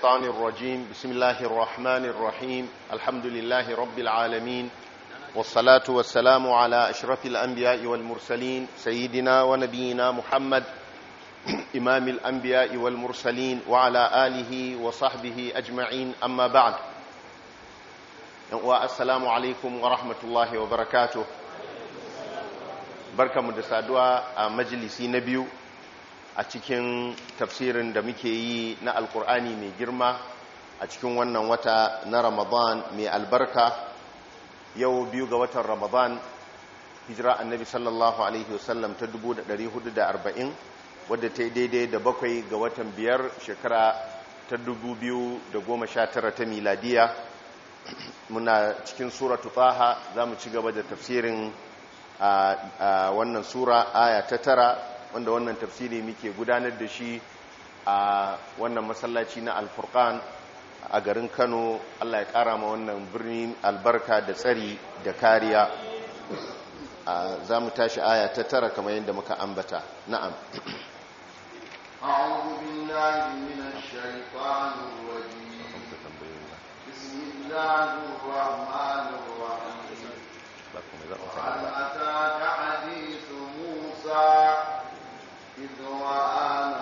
الشيطان الرجيم بسم الله الرحمن الرحيم الحمد لله رب العالمين والصلاة والسلام على أشرف الأنبياء والمرسلين سيدنا ونبينا محمد إمام الأنبياء والمرسلين وعلى آله وصحبه أجمعين أما بعد والسلام عليكم ورحمة الله وبركاته بركة مدسادوا مجلسي نبيو a cikin tafsirin da muke yi na alkur'ani mai girma a cikin wannan wata na ramadan mai albarka yau biyu ga watan ramadan hijira annabi sallallahu alaihi wasallam ta arba'in wadda ta yi daidai da bakwai ga watan biyar shekara ta goma sha tara ta miladiya muna cikin sura tufaha za mu ci gaba da tafsirin a wannan sura aya ta tara wanda wannan tafsiri muke gudanar da shi a wannan masallaci na alfurkan a garin kano allah ya kara ma wannan birni albarka da tsari da kariya za mu tashi aya ta tara kama yadda muka ambata na'am أعوذ أتاك حديث موسى وآمنوا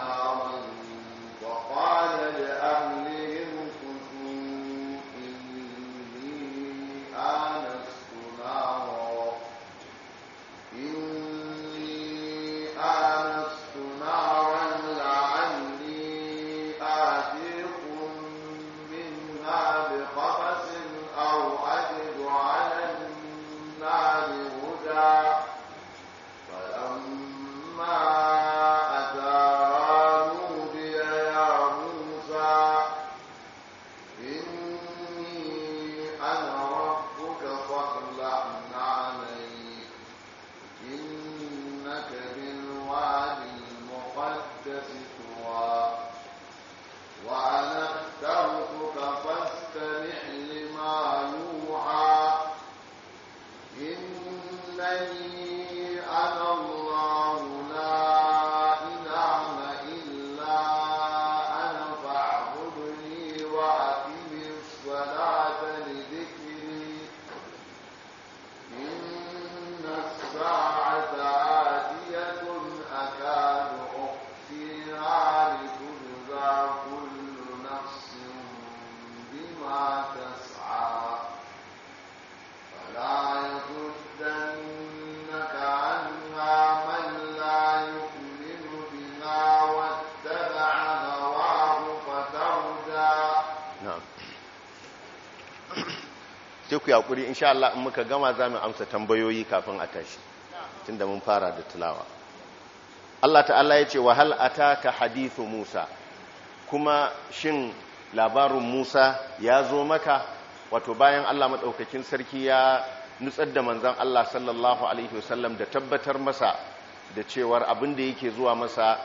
ku yaƙuri insha Allah in muka gama za mu amsa tambayoyi kafin a tashi tunda mun fara da tilawa Allah ta'ala ya ce wahal ataka hadithu Musa kuma shin labarin Musa ya zo maka wato bayan Allah madaukakin sarki ya nutsar da manzon Allah sallallahu alaihi wasallam da tabbatar masa da cewar abin da yake zuwa masa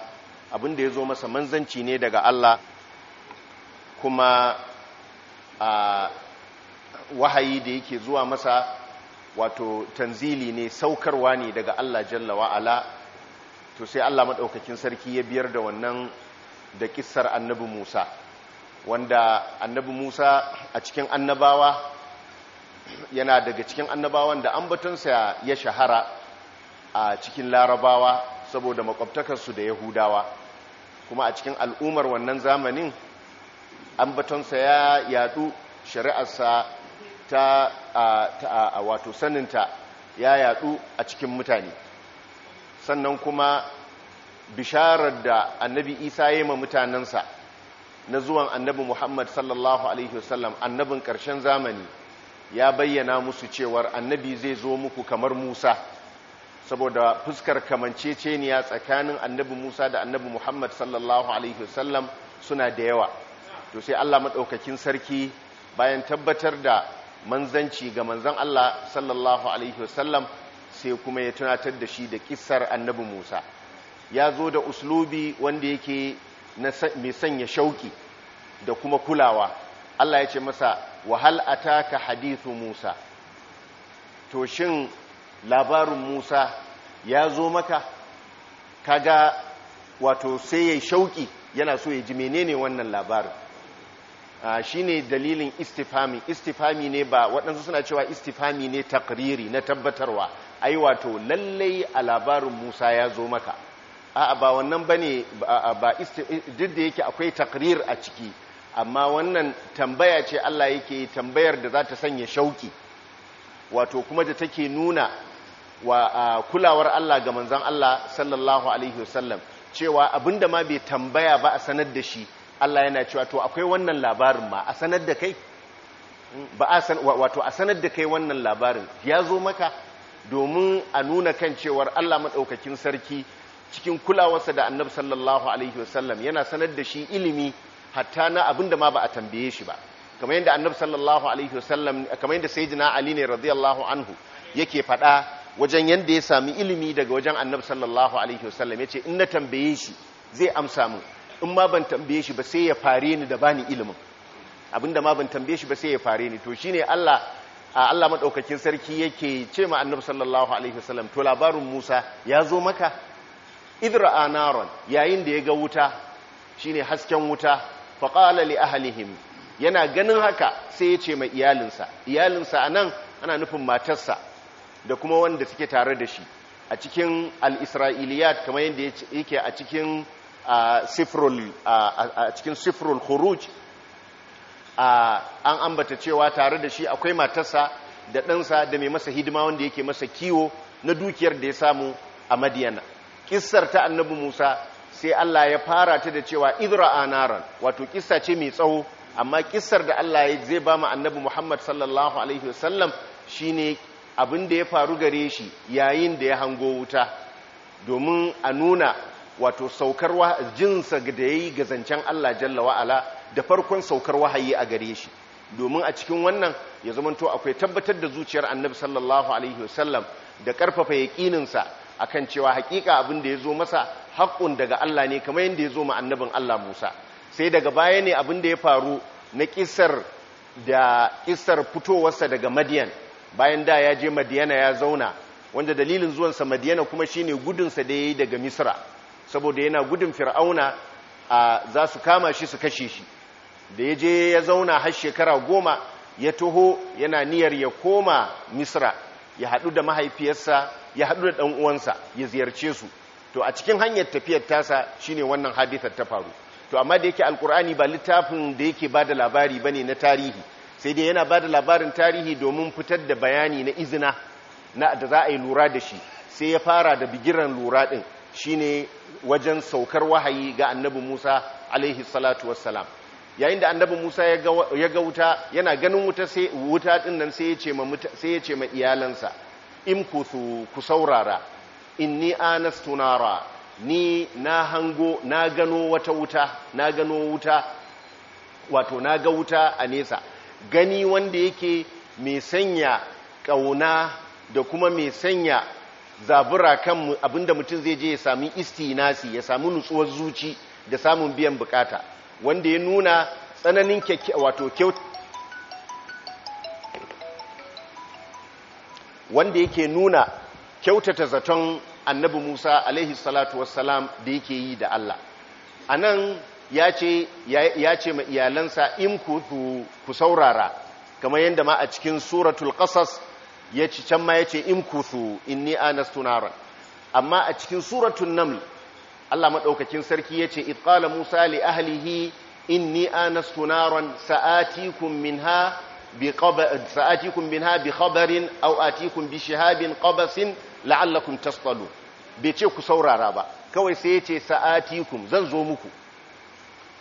abin da ya zo masa manzanci ne daga Allah kuma a wahayi da yake zuwa masa wato tanzili ne saukarwa ne daga Allah jalla wa'ala to sai Allah maɗaukakin sarki ya biyar da wannan da kissar annabi Musa wanda annabi Musa a cikin annabawa yana daga cikin annabawan da an ambatonsa ya shahara a cikin larabawa saboda makwabtakarsu da yahudawa kuma a cikin al'umar wannan zamanin an ambatonsa ya yadu shari'arsa ta a wato saninta ya yadu a cikin mutane sannan kuma bisharar da annabi isa ya yi ma mutanensa na zuwan annabi muhammad sallallahu alaihi wasallam annabin ƙarshen zamani ya bayyana musu cewar annabi zai zo muku kamar musa saboda fuskar kamanceceniya tsakanin annabi musa da annabi muhammad sallallahu alaihi wasallam suna da yawa to sai allah maɗaukakin sarki bayan tabbatar da manzanci ga manzan Allah sallallahu alaihi wasallam sai kuma ya tunatar da shi da kissar annabi Musa ya zo da uslubi wanda yake mai sanya shauki da kuma kulawa Allah ya ce masa wahal ataka hadithu Musa to shin labarin Musa ya zo maka kaga wato sai ya shauki yana so ya ji menene wannan labarin shi ne dalilin istifami istifami ne ba waɗansu suna cewa istifami ne takriri na tabbatarwa ai wato lallai a labarin Musa ya zo maka a'a ba wannan ba ne ba duk da yake akwai takrir a ciki amma wannan tambaya ce Allah yake tambayar da za ta sanya shauki wato kuma da take nuna wa kulawar Allah ga manzan Allah sallallahu alaihi wasallam cewa abinda ma bai tambaya ba a sanar da shi Allah yana cewa to akwai wannan labarin ma a sanar da kai hmm, ba a san wato a sanar da kai wannan labarin ya zo maka domin a nuna kan cewar Allah madaukakin sarki cikin kulawarsa da Annabi sallallahu alaihi wasallam yana sanar da shi ilimi hatta na abinda ma ba a tambaye shi ba kamar yadda Annabi sallallahu alaihi wasallam kamar yadda sayyidina Ali ne radiyallahu anhu yake faɗa wajen yanda ya sami ilimi daga wajen Annabi sallallahu alaihi wasallam yace in na tambaye shi zai amsa mu in ma ban tambaye shi ba sai ya fare ni da bani ilimin abinda ma ban tambaye shi ba sai ya fare ni to shine Allah Allah madaukakin sarki yake ce ma annabi sallallahu alaihi wasallam to labarin Musa ya zo maka idra anaron yayin da ya ga wuta shine hasken wuta qala li ahlihim yana ganin haka sai ya ce ma iyalinsa iyalinsa anan ana nufin matarsa da kuma wanda suke tare da shi a cikin al-isra'iliyat kamar yadda yake a cikin a cikin sifrul khuruj an ambata cewa tare da shi akwai matarsa da ɗansa da mai masa hidima wanda yake masa kiwo na dukiyar da ya samu a madiyana kissar ta annabi musa sai allah ya fara ta da cewa idra anaran wato kissa ce mai tsawo amma kissar da allah ya zai ba mu annabi muhammad sallallahu alaihi wasallam ne abin da ya faru gare shi yayin da ya hango wuta domin a nuna wato saukar jinsa da ya yi ga zancen Allah jalla wa'ala da farkon saukar wahayi a gare shi domin a cikin wannan ya zamanto akwai tabbatar da zuciyar annabi sallallahu alaihi wasallam da karfafa yaƙininsa akan cewa hakika abin da ya zo masa haƙƙun daga Allah ne kamar yanda ya zo ma annabin Allah Musa sai daga baya ne abin da ya faru na kisar da kisar fitowarsa daga Madiyan bayan da ya je Madiyana ya zauna wanda dalilin zuwansa Madiyana kuma shine gudunsa da ya yi daga Misra saboda yana gudun fir'auna za su kama shi su kashe shi da ya je ya zauna har shekara goma ya taho yana niyyar ya koma misra ya haɗu da mahaifiyarsa ya haɗu da ɗan'uwansa ya ziyarce su to a cikin hanyar tafiyar tasa ne wannan hadithar ta faru to amma da yake alkur'ani ba littafin da yake ba da labari ba ne na tarihi sai dai yana ba da labarin tarihi domin fitar da bayani na izina da za a yi lura da shi sai ya fara da bigiran lura ɗin shine wajen saukar wahayi ga annabi Musa alaihi salatu wassalam yayin da annabi Musa ya ga wuta yana ganin wuta sai wuta din nan sai ya ce ma sai ya ce ma iyalansa imkuthu ku saurara inni anastu nara ni na hango na gano wata wuta na gano wuta wato na ga wuta a nesa gani wanda yake mai sanya kauna da kuma mai sanya zabura kan abinda mutum zai je ya sami istinasi ya sami nutsuwar zuci da samun biyan bukata wanda ya nuna tsananin wato wanda yake nuna kyautata zaton annabi Musa alaihi salatu wassalam da yake yi da Allah anan ya ce ya ce ma iyalansa in ku saurara kamar yadda ma a cikin suratul qasas ya ci can ma ya ce in kusu inni anastu naran amma a cikin suratun naml Allah maɗaukakin sarki ya ce itqala musa li ahlihi inni anastu naran sa'atikun minha bi bi khabarin au atikun bi shihabin qabasin la'allakum tasqalu bai ce ku saurara ba kawai sai ya ce zan zo muku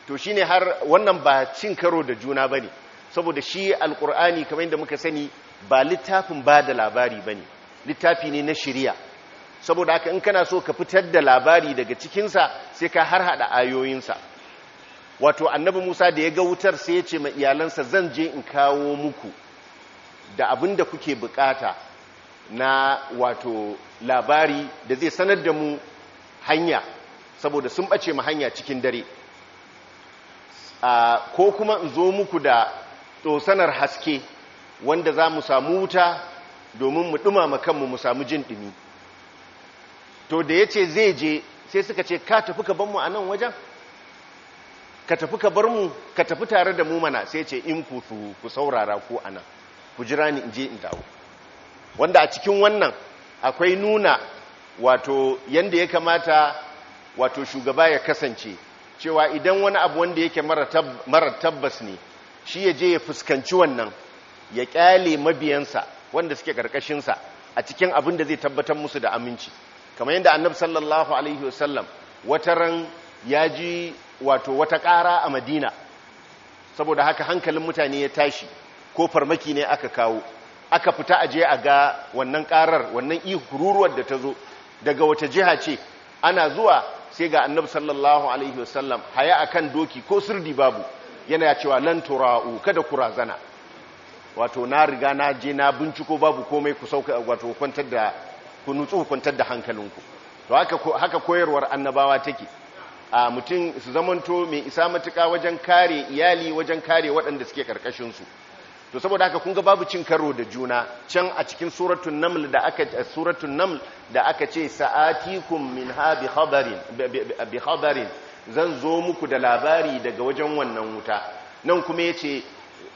to shine har wannan ba cin karo da juna ba ne saboda shi alqur'ani kamar yadda muka sani ba littafin ba da labari ba ne littafi ne na shirya saboda haka in kana so ka fitar da labari daga cikinsa sai ka har haɗa ayoyinsa wato annabi musa da ya ga wutar sai ya ce ma iyalansa zan je in kawo muku da abin da kuke bukata na wato labari da zai sanar da mu hanya saboda sun bace ma hanya cikin dare ko kuma in zo muku da tsosanar haske wanda za mu samu wuta domin mu ɗumama kanmu mu samu jin ɗumi to da ya ce zai je sai suka ce ka tafi ka banmu a nan wajen ka tafi ka bar mu ka tafi tare da mu mana sai ce in ku ku saurara ko a nan ku jira ni in je in dawo wanda a cikin wannan akwai nuna wato yanda ya kamata wato shugaba ya kasance cewa idan wani abu wanda yake mara tabbas ne shi ya je ya fuskanci wannan ya kyale mabiyansa wanda suke karkashinsa a cikin abin da zai tabbatar musu da aminci kamar yadda annab sallallahu alaihi wasallam wataran ya ji wato wata ƙara a madina saboda haka hankalin mutane ya tashi ko farmaki ne aka kawo aka fita aje a ga wannan ƙarar wannan ihururuwar da ta zo daga wata jiha ce ana zuwa sai ga annabi sallallahu alaihi wasallam haya akan doki ko sirdi babu yana cewa lan tura'u kada kurazana wato na riga na je na binciko babu komai ku sauka wato kwantar da ku nutsu kwantar da hankalinku to haka haka koyarwar annabawa take a mutum su zamanto mai isa matuka wajen kare iyali wajen kare waɗanda suke karkashin su to saboda haka kun ga babu cin karo da juna can a cikin suratul naml da aka suratul naml da aka ce sa'atikum minha habi khabarin bi khabarin zan zo muku da labari daga wajen wannan wuta nan kuma yace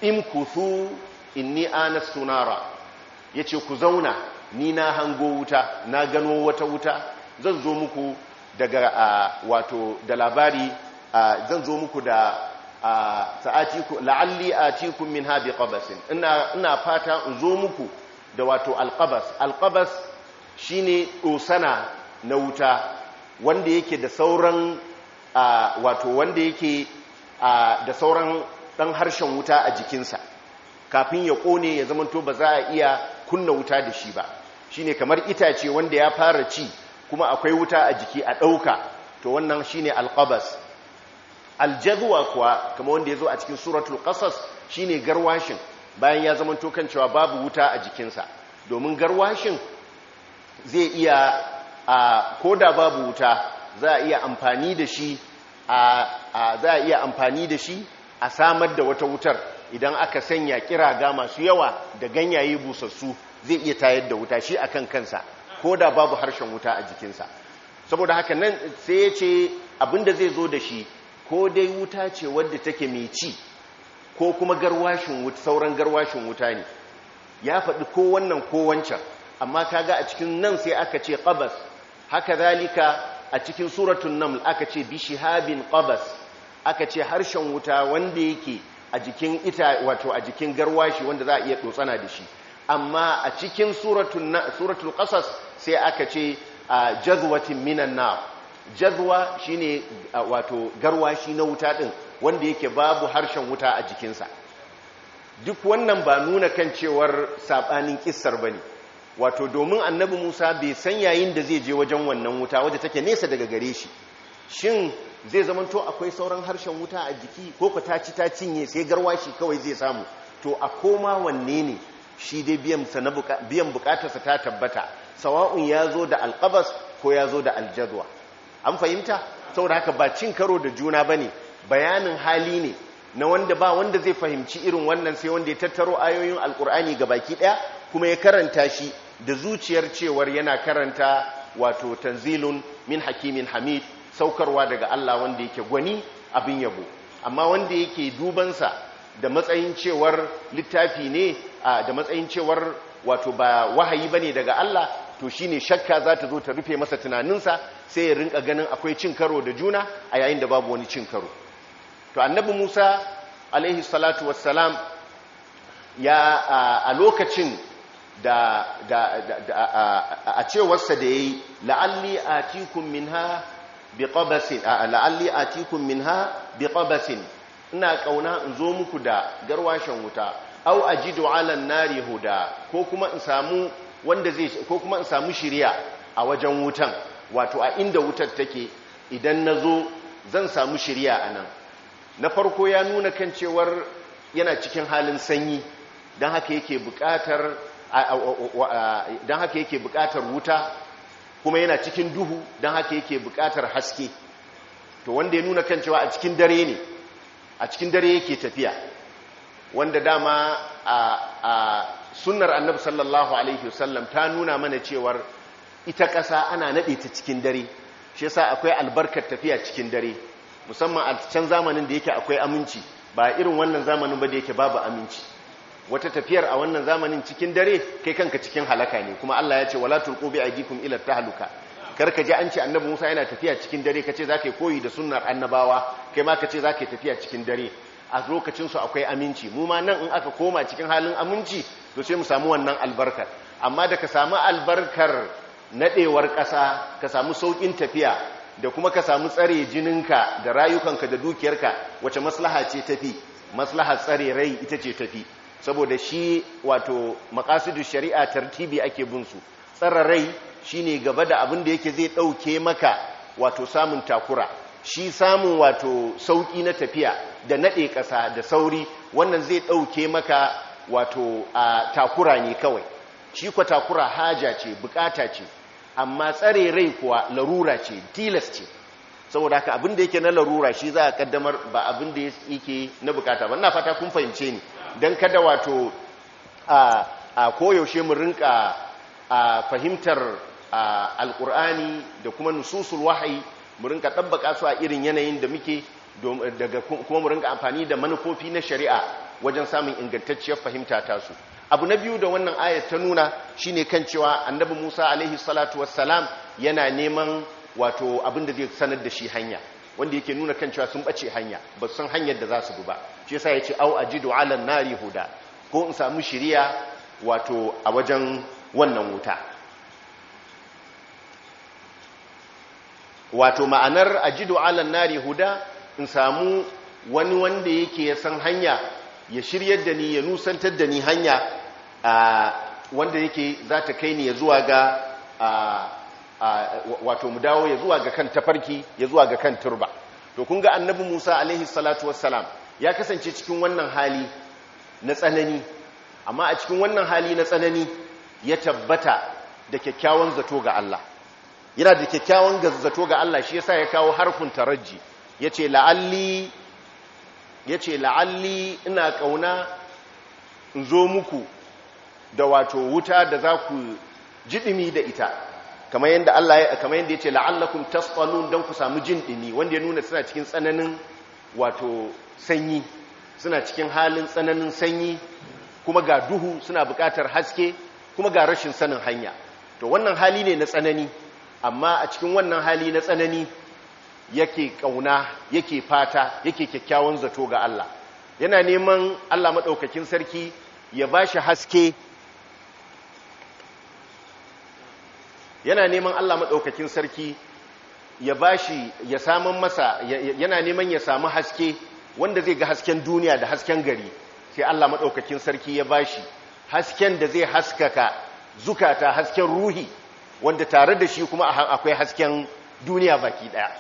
in kuthu inni sunara ya yace ku zauna ni na hango wuta na gano wata wuta zan zo muku daga wato da labari zan zo muku da sa'atiku la'alli atikum minha biqabasin ina ina fata in zo muku da wato alqabas alqabas shine ɗosana na wuta wanda yake da sauran wato wanda yake da sauran dan harshen wuta a jikinsa kafin ya kone ya zamanto ba za a iya kunna wuta da shi ba shine kamar itace wanda ya fara ci kuma akwai wuta a jiki a ɗauka to wannan shine alqabas aljadwa kuwa kamar wanda ya zo a cikin suratul qasas shine garwashin bayan ya zamanto kan cewa babu wuta a jikinsa domin garwashin zai iya a koda babu wuta za a iya za a iya amfani da shi a samar da wata wutar idan aka sanya kiraga masu yawa da ganyaye busassu zai iya tayar da wuta shi akan kansa ko da babu harshen wuta a jikinsa saboda haka nan sai ya ce abinda zai zo da shi ko dai wuta ce wadda take mai ci ko kuma garwashin wuta sauran garwashin wuta ne ya faɗi ko wannan ko wancan amma ga a cikin nan sai aka ce ƙabas haka zalika a cikin suratun naml aka ce bishihabin ƙabas aka ce harshen wuta wanda yake a jikin ita wato a jikin garwashi wanda za a iya dotsana da shi amma a cikin suratul qasas sai aka ce jazwatin minan na jazwa shine wato garwashi na wuta din wanda yake babu harshen wuta a jikinsa duk wannan ba nuna kan cewar sabanin ba ne wato domin annabi Musa bai san yayin da zai je wajen wannan wuta wadda take nesa daga gare shi shin zai zamanto akwai sauran harshen wuta a jiki ko ka taci ta cinye sai garwashi kawai zai samu to a koma wanne ne shi dai biyan bukatarsa ta tabbata sawa'un ya zo da alkabas ko ya zo da aljadwa an fahimta Sau da haka ba cin karo da juna ba ne bayanin hali ne na wanda ba wanda zai fahimci irin wannan sai wanda ya tattaro ayoyin alkur'ani ga baki ɗaya kuma ya karanta shi da zuciyar cewar yana karanta wato tanzilun min hakimin hamid saukarwa daga Allah wanda yake gwani abin yabo amma wanda yake dubansa da matsayin cewar littafi ne da matsayin cewar wato ba wahayi bane daga Allah to shine shakka za ta zo ta rufe masa tunaninsa sai ya rinka ganin akwai cin karo da juna a yayin da babu wani cin karo to annabi Musa alaihi salatu wassalam ya a lokacin da a cewarsa da yayi la'alli atikum minha biqabasin a la'alli atikum minha biqabasin ina ƙauna in zo muku da garwashin wuta aw ajidu ala nari huda ko kuma in samu wanda zai ko kuma in samu shiriya a wajen wutan wato a inda wutar take idan nazo zan samu shiriya anan na farko ya nuna kan cewar yana cikin halin sanyi don haka yake buƙatar don haka yake buƙatar wuta kuma yana cikin duhu don haka yake bukatar haske to wanda ya nuna kan cewa a cikin dare ne a cikin dare yake tafiya wanda dama a sunnar annabi sallallahu alaihi wasallam ta nuna mana cewar ita ƙasa ana naɗe ta cikin dare shi yasa akwai albarkar tafiya cikin dare musamman a can zamanin da yake akwai aminci ba irin wannan zamanin ba da yake babu aminci wata tafiyar a wannan zamanin cikin dare kai kanka cikin halaka ne kuma Allah ya ce wala tulqu bi aydikum ila tahluka karka ji an ce annabi Musa yana tafiya cikin dare kace zaka koyi da sunnar annabawa kai ma kace zaka tafiya cikin dare a lokacin su akwai aminci mu ma nan in aka koma cikin halin aminci to sai mu samu wannan albarkar amma da ka samu albarkar nadewar ƙasa ka samu saukin tafiya da kuma ka samu tsare jininka da rayukanka da dukiyarka wace maslaha ce tafi maslahar tsare rai ita ce tafi saboda shi wato maqasidu shari'a tartibi ake bin su tsararai ne gaba da abin da yake zai ɗauke maka wato samun takura shi samun wato sauƙi na tafiya da naɗe ƙasa da sauri wannan zai ɗauke maka wato a takura ne kawai shi kwa takura haja ce bukata ce amma tsare rai kuwa larura ce tilas ce saboda haka abin da yake na larura shi za a kaddamar ba abin da yake na bukata ba na fata kun fahimce ni don kada wato a koyaushe mu rinka fahimtar al'ur'ani da kuma nususul wahayi mu rinka ɗabbaka su a irin yanayin da muke daga kuma mu rinka amfani da manufofi na shari'a wajen samun ingantacciyar fahimta ta su abu na biyu da wannan ayat ta nuna shi ne kan cewa annabi Musa alaihi yana neman wato abin da zai sanar da shi hanya wanda yake nuna kan cewa sun bace hanya ba san hanyar da za su bi ba shi yasa yace au ajidu ala nari huda ko in samu shiriya wato a wajen wannan wuta wato ma'anar ajidu ala nari huda in samu wani wanda yake ya san hanya ya shiryar da ni ya nusantar da ni hanya wanda yake za ta kai ni ya zuwa ga a. wato mu dawo ya zuwa ga kan tafarki ya zuwa ga kan turba to kun ga annabi Musa alaihi salatu wassalam ya kasance cikin wannan hali na tsanani amma a cikin wannan hali na tsanani ya tabbata da kyakkyawan zato ga Allah yana da kyakkyawan zato ga Allah shi yasa ya kawo harfin taraji yace la'alli yace la'alli ina ƙauna in zo muku da wato wuta da za ku jidimi da ita kamar yadda Allah ya kamar yadda yace la'allakum tasqalun dan ku samu jin dimi wanda ya nuna suna cikin tsananin wato sanyi suna cikin halin tsananin sanyi kuma ga duhu suna buƙatar haske kuma ga rashin sanin hanya to wannan hali ne na tsanani amma a cikin wannan hali na tsanani yake kauna yake fata yake kyakkyawan zato ga Allah yana neman Allah madaukakin sarki ya ba shi haske yana neman Allah maɗaukakin sarki ya bashi ya samun masa yana neman ya samu haske wanda zai ga hasken duniya da hasken gari sai Allah maɗaukakin sarki ya bashi hasken da zai haskaka zukata hasken ruhi wanda tare da shi kuma akwai hasken duniya baki ɗaya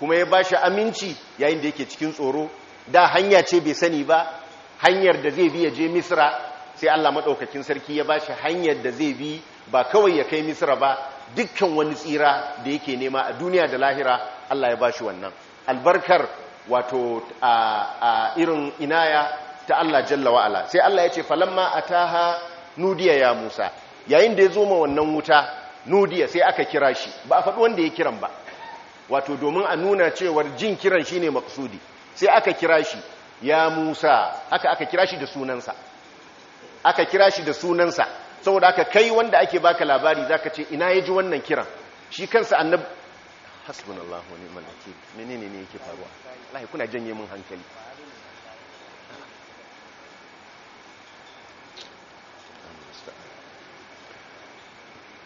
kuma ya bashi aminci yayin da yake cikin tsoro da hanya ce bai sani ba hanyar da zai bi ya je misra sai Allah maɗaukakin sarki ya bashi hanyar da zai bi ba kawai ya kai misra ba dukkan wani tsira da yake nema a duniya da lahira Allah ya ba shi wannan albarkar wato a irin inaya ta Allah jalla wa'ala sai Allah ya ce falamma ataha nudiya ya Musa yayin da ya zo ma wannan wuta nudiya sai aka kira shi ba a faɗi wanda ya kiran ba wato domin a nuna cewar jin kiran shi ne maksudi sai aka kira shi ya Musa aka aka kira shi da sunansa saboda aka kai wanda ake baka labari zaka ce ina yaji wannan kiran shi kansa annabi hasbunallahu wa ni'mal wakeel menene ne yake faruwa wallahi kuna janye min hankali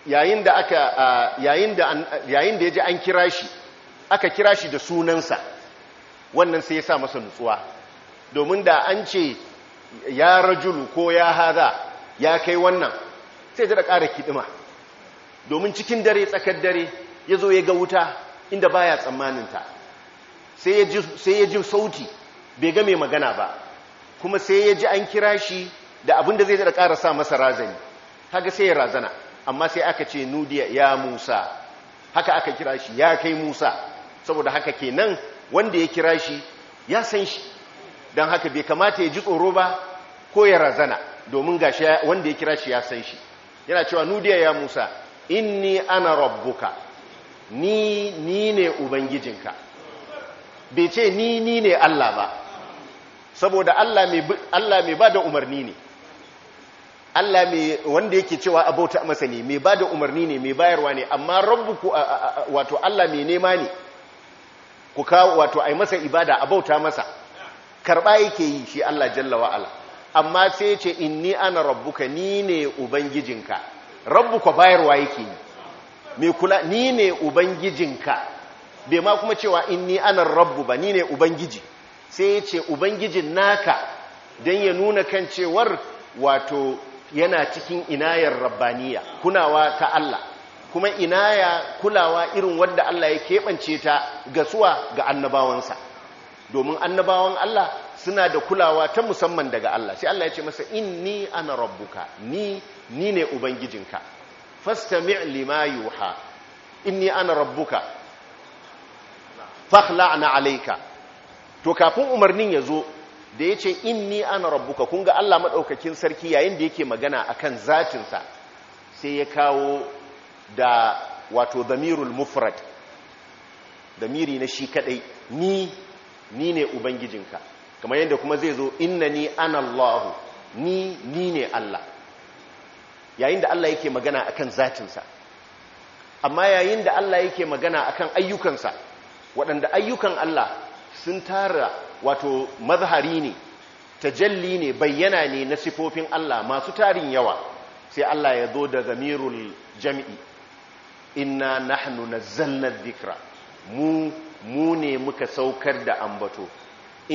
yayin da aka yayin da yayin da yaji an kira shi aka kira shi da sunansa wannan sai ya sa masa nutsuwa domin da an ce ya rajulu ko ya haza ya kai wannan sai ta da ƙara kiɗima domin cikin dare tsakar dare ya zo ya ga wuta inda ba ya tsammaninta sai ya ji sauti bai ga mai magana ba kuma sai ya ji an kira shi da abin da zai da ƙara sa masa razani kaga sai ya razana amma sai aka ce nudiya ya musa haka aka kira shi ya kai musa saboda haka kenan wanda ya kira shi ya san shi don haka bai kamata ya ji tsoro ba ko ya razana domin ga gashi wanda ya kira shi ya san shi yana cewa nudiya ya Musa inni ana rabbuka ni ni ne ubangijinka bai ce ni ni ne Allah ba saboda Allah mai ba da umarni ne Allah mai wanda yake cewa abota masa ne mai ba da umarni ne mai bayarwa ne amma rabbuku wato Allah mai nema ne ku kawo wato a yi masa ibada abota masa Karɓa yake yi shi Allah jalla wa amma sai ya ce inni ana rabbuka ni ne ubangijinka rabbuka bayarwa yake yi mai kula ni ne ubangijinka bai ma kuma cewa inni ana rabbu ba ni ne ubangiji sai ce ubangijin naka don ya nuna kan cewar wato yana cikin inayar rabbaniya kunawa ta Allah kuma inaya kulawa irin wadda Allah ya keɓance ta ga suwa ga annabawansa domin annabawan Allah suna da kulawa ta musamman daga Allah sai Allah ya ce masa inni ana rabbuka ni ni ne ubangijinka fastami' lima yuha inni ana rabbuka fakhla'na alayka to kafin umarnin ya zo da yace inni ana rabbuka kun ga Allah madaukakin sarki yayin da yake magana akan zatin sa sai ya kawo da wato damirul mufrad damiri na shi kadai ni ni ne ubangijinka kamar yadda kuma zai zo innani ana Allah ni ni ne Allah yayin da Allah yake magana akan zatinsa amma yayin da Allah yake magana akan ayyukansa waɗanda ayyukan Allah sun tara wato mazhari ne tajalli ne bayyana ne na sifofin Allah masu tarin yawa sai Allah ya zo da zamirul jam'i inna nahnu nazzalna dhikra mu mu ne muka saukar da ambato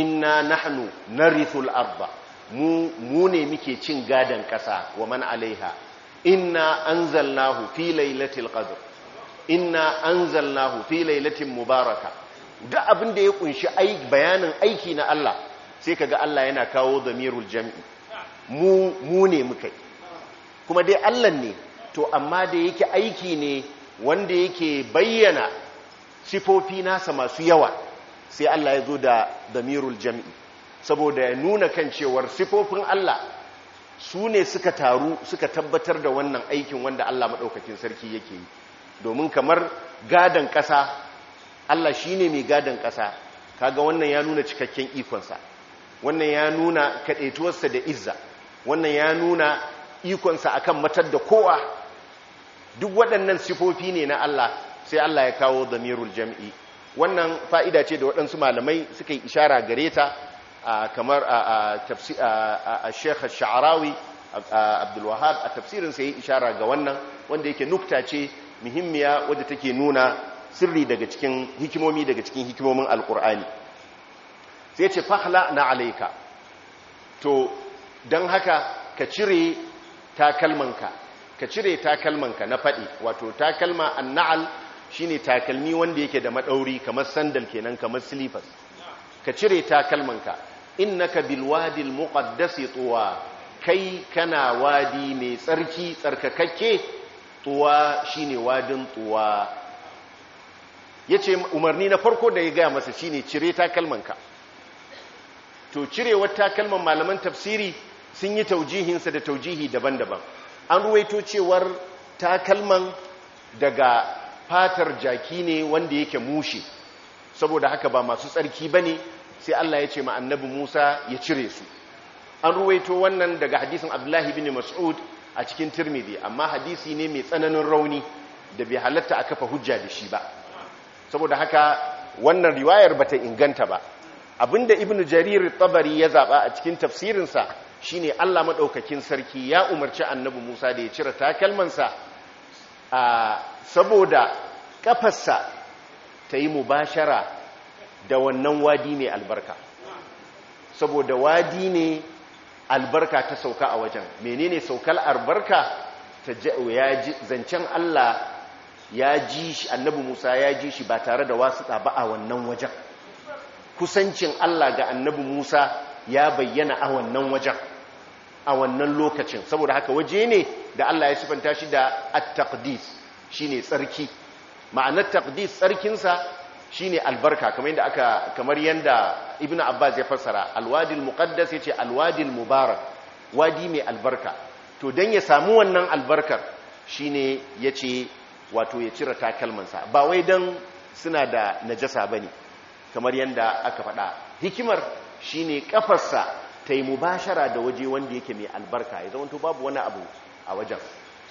inna nahnu narithul arda mu mu ne muke cin gadan kasa wa man alaiha inna anzalnahu fi lailatul qadr inna anzalnahu fi lailatin mubaraka duk abin da ya kunshi bayanin aiki na Allah sai kaga Allah yana kawo zamirul jam'i mu mu ne muke kuma dai Allah ne to amma da yake aiki ne wanda yake bayyana sifofi nasa masu yawa sai Allah ya zo da damirul jam'i saboda ya nuna kan cewar sifofin Allah su ne suka taru suka tabbatar da wannan aikin wanda Allah maɗaukakin sarki yake yi domin kamar gadon ƙasa Allah shi ne mai gadon ƙasa kaga wannan ya nuna cikakken ikonsa wannan ya nuna kaɗaituwarsa da izza wannan ya nuna ikonsa akan matar da kowa duk waɗannan sifofi ne na Allah sai Allah ya kawo damirul jam'i wannan fa'ida ce da waɗansu malamai suka yi ishara gare ta kamar a sheikh sha'arawi abdulwahab a tafsirinsa ya yi ishara ga wannan wanda yake nukta ce muhimmiya wadda take nuna sirri daga cikin hikimomi daga cikin hikimomin alkur'ani sai ce fahla na alaika to don haka ka cire takalmanka ka cire takalmanka na faɗi wato takalma na'al. shine takalmi wanda yake da madauri kamar sandal kenan kamar silifas ka cire takalmanka innaka bil ka bilwadil muqaddas tuwa kai kana wadi mai tsarki tsarkakakke tuwa shine wadin tuwa yace umarni na farko da ya ga masa shine cire takalmanka to cirewar takalman malaman tafsiri sun yi taujihinsa da taujihi daban-daban an ruwaito cewar takalman daga fatar jaki ne wanda yake mushe saboda haka ba masu tsarki ba ne sai Allah ya ce ma annabi Musa ya cire su an ruwaito wannan daga hadisin Abdullahi bin Mas'ud a cikin Tirmidhi amma hadisi ne mai tsananin rauni da bai halatta a kafa hujja da shi ba saboda haka wannan riwayar bata inganta ba abinda Ibn Jarir Tabari ya zaba a cikin tafsirinsa shine Allah madaukakin sarki ya umarci annabi Musa da ya cire takalmansa a saboda kafarsa ta yi mubashara da wannan wadi ne albarka saboda wadi ne albarka ta sauka a wajen menene saukar albarka ta zancen Allah ya ji shi annabi Musa ya ji shi ba tare da wasu ba a wannan wajen kusancin Allah ga annabi Musa ya bayyana a wannan wajen a wannan lokacin saboda haka waje ne da Allah ya sifanta shi da at-taqdis shine tsarki ma'anar taqdis tsarkinsa shine albarka kamar yadda aka kamar yanda ibnu abbas ya fassara alwadil muqaddas yace alwadil mubarak wadi mai albarka to dan ya samu wannan albarkar shine yace wato ya cire takalmansa ba wai dan suna da najasa bane kamar yanda aka faɗa hikimar shine kafarsa ta yi mubashara da waje wanda yake mai albarka ya zamanto babu wani abu a wajen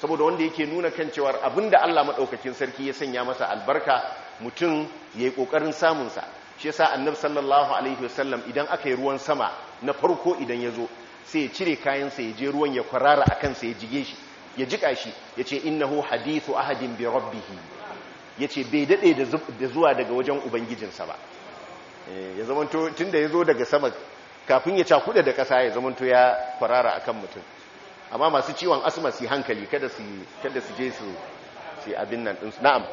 saboda wanda yake nuna kan cewar da Allah maɗaukakin sarki ya sanya masa albarka mutum ya yi ƙoƙarin samunsa shi yasa annabi sallallahu alaihi wasallam idan aka yi ruwan sama na farko idan ya zo sai ya cire kayansa ya je ruwan ya kwarara a kansa ya jige shi ya jika shi ya ce innahu hadithu ahadin bi rabbihi ya ce bai daɗe da zuwa daga wajen ubangijinsa ba eh, ya zamanto tun ya zo daga sama kafin ya cakuɗe da ƙasa ya zamanto ya kwarara a kan mutum amma masu ciwon asma su hankali kada su je su abin nan ɗinsu na'am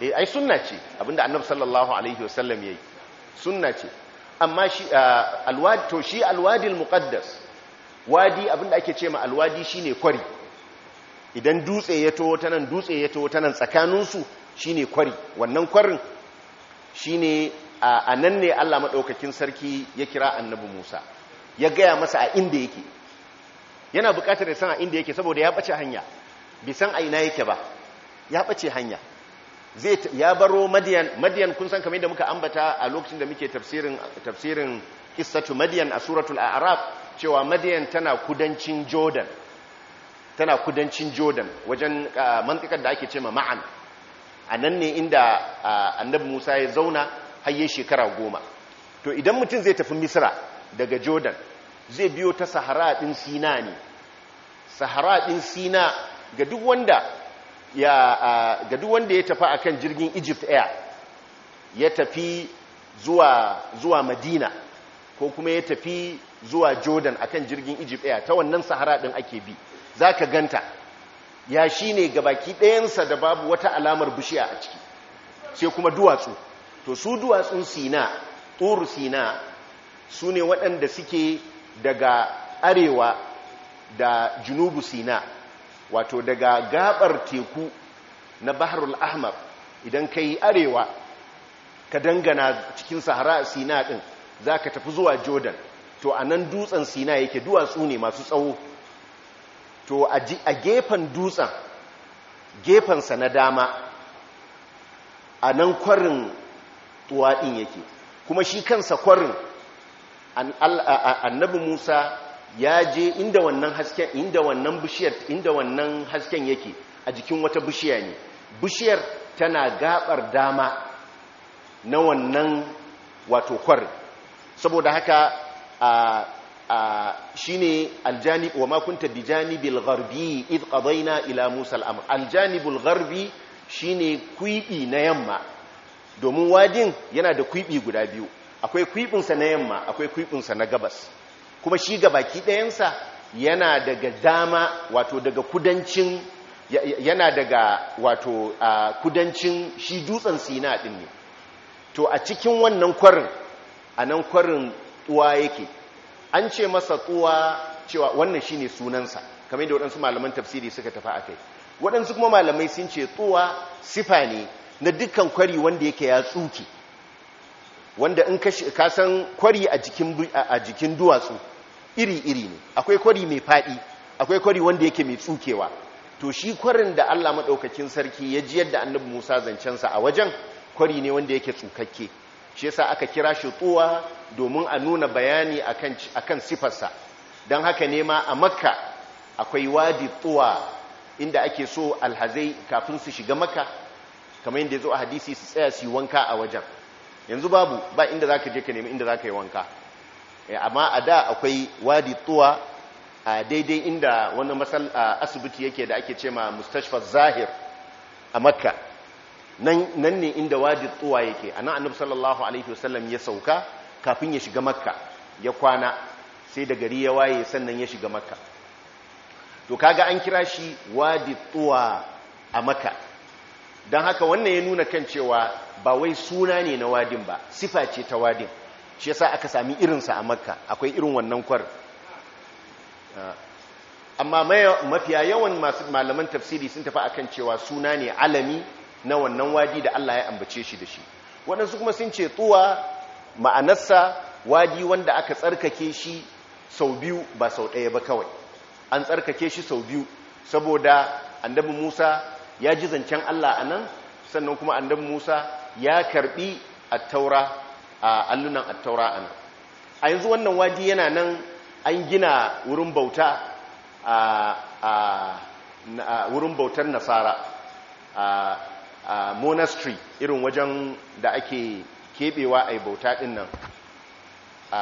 eh ai sunna ce abinda annab sallallahu alaihi wasallam yi, sunna ce amma shi ah, alwadi to shi alwadil muqaddas wadi abinda ake ce ma alwadi shine kwari idan dutse ya to ta nan dutse ya to ta nan tsakaninsu shine kwari wannan kwarin shine a nan ne Allah maɗaukakin sarki ya kira annabi Musa ya gaya masa a inda yake yana buƙatar ya san a inda yake saboda ya ɓace hanya bai san a ina yake ba ya ɓace hanya zai ya baro madiyan madiyan kun san kamar yadda muka ambata a lokacin da muke tafsirin kisatu qissatu madiyan a suratul a'raf cewa madiyan tana kudancin jordan tana kudancin jordan wajen mantikar da ake ce ma ma'an a nan ne inda annabi musa ya zauna hayye shekara goma to idan mutum zai tafi Misira daga jordan zai biyo ta sahara ɗin sina ne sahara ɗin sina ga duk wanda ya ga duk wanda ya tafi akan jirgin egypt air ya tafi zuwa madina ko kuma ya tafi zuwa jordan akan jirgin egypt air ta wannan sahara ɗin ake bi za ka ganta ya shi ne ga baki ɗayansa da babu wata alamar bishiya a ciki sai kuma duwatsu to su duwatsun sina tur sina su ne waɗanda suke daga arewa da junubu sina wato daga gabar teku na baharul ahmar idan ka yi arewa ka dangana cikin sahara sina ɗin za ka tafi zuwa jordan to a nan dutsen sina yake duwatsu ne masu tsawo to a gefen dutsen gefensa na dama a nan kwarin tuwa ɗin yake kuma shi kansa kwarin annabi musa ya je inda wannan hasken inda wannan bishiyar inda wannan hasken yake a jikin wata bishiya ne bishiyar tana gabar dama na wannan wato kwarin saboda haka a a shine aljanib wa ma kunta bijanibil gharbi id qadayna ila musa al-amr aljanibul gharbi shine kuibi na yamma domin wadin yana da kwiɓi guda biyu akwai kwiɓinsa na yamma akwai kwiɓinsa na gabas kuma shi ga baki ɗayansa yana daga dama wato daga kudancin yana daga wato a kudancin shi dutsen sina ɗin ne to a cikin wannan kwarin a nan kwarin tuwa yake an ce masa tuwa cewa wannan shi ne sunansa kamar da waɗansu malaman tafsiri suka tafa a kai waɗansu kuma malamai sun ce tuwa sifa ne na dukkan kwari wanda yake ya tsuke wanda in ka san kwari a jikin duwatsu iri-iri ne akwai kwari mai faɗi akwai kwari wanda yake mai tsukewa to shi kwarin da Allah maɗaukakin sarki ya ji yadda annabi Musa zancen sa a wajen kwari ne wanda yake tsukakke shi yasa aka kira shi tsuwa domin a nuna bayani akan sifarsa dan haka ne ma a makka akwai wadi tsuwa inda ake so alhazai kafin su shiga makka kamar yadda ya zo a hadisi su tsaya su yi wanka a wajen yanzu babu ba inda za ka je ka nemi inda za ka yi wanka eh, amma a da akwai wadi tuwa a daidai inda wani asibiti yake da ake ce ma mustashfar zahir a makka nan ne inda wadi tuwa yake a nan annabi sallallahu alaihi wasallam ya sauka kafin ya shiga makka ya kwana sai da gari ya waye sannan ya shiga makka to kaga an kira shi wadi tuwa a makka don haka wannan ya nuna kan cewa ba wai suna ne na wadin ba sifa ce ta wadin shi yasa aka sami irinsa a makka akwai irin wannan kwar ah, amma mafiya yawan masu malaman tafsiri sun tafi akan cewa suna ne alami na wannan wadi da Allah ya ambace shi da shi waɗansu kuma sun ce tsuwa ma'anarsa wadi wanda aka tsarkake shi sau biyu ba sau ɗaya ba kawai an tsarkake shi sau biyu saboda annabi Musa ya ji zancen Allah a nan sannan kuma annabi Musa ya karbi attaura a allunan attaura a nan a yanzu wannan waji yana nan an gina wurin bauta a wurin bautar nasara a monastery irin wajen da ake kebewa a bauta din nan a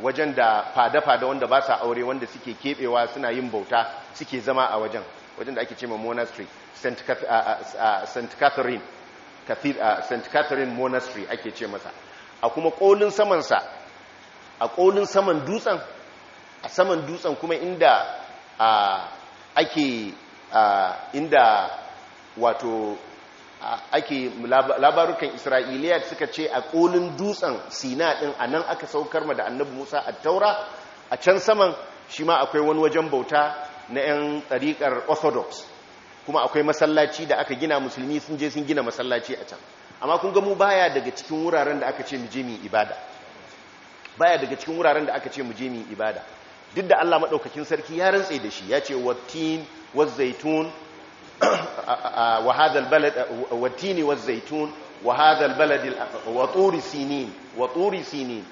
wajen da fada-fada wanda ba sa aure wanda suke kebewa suna yin bauta suke zama a wajen wajen da ake ce ma monastery st catherine st catherine monastery ake ce masa a kuma kolin samansa a kolin saman dutsen a saman dutsen kuma inda ake inda wato ake labarukan isra'iliya suka ce a kolin dutsen sina din a nan aka saukar ma da annabu musa a taura a can saman shi ma akwai wani wajen bauta na 'yan tsarikar orthodox kuma akwai masallaci da aka gina musulmi sun je sun gina masallaci a can amma kun ga mu baya daga cikin wuraren da aka ce mu je mu ibada baya daga cikin wuraren da aka ce mu je mu ibada duk da Allah madaukakin sarki ya rantsa da shi ya ce wattin wazaitun wa hadha albalad wattini wazaitun wa hadha albalad wa turi sinin wa turi sinin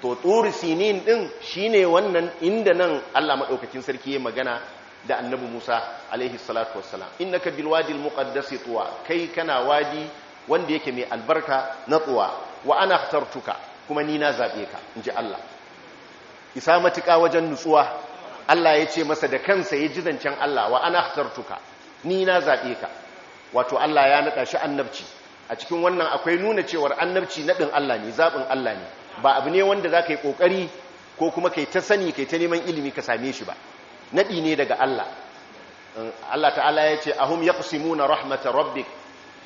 to turi sinin din shine wannan inda nan Allah madaukakin sarki ya magana da annabi Musa alaihi salatu wassalam innaka bil wadi al muqaddas tuwa kai kana wadi wanda yake mai albarka na tuwa wa ana khartuka kuma ni na zabe ka inji Allah isa matuka wajen nutsuwa Allah ya ce masa da kansa ya ji zancen Allah wa ana khartuka ni na zabe ka wato Allah ya nada shi annabci a cikin wannan akwai nuna cewar annabci nadin Allah ne zabin Allah ne ba abu ne wanda zaka yi kokari ko kuma kai ta sani kai ta neman ilimi ka same shi ba naɗi ne daga Allah mm, Allah ta'ala ya ce ahum yaqsimuna rahmata rabbik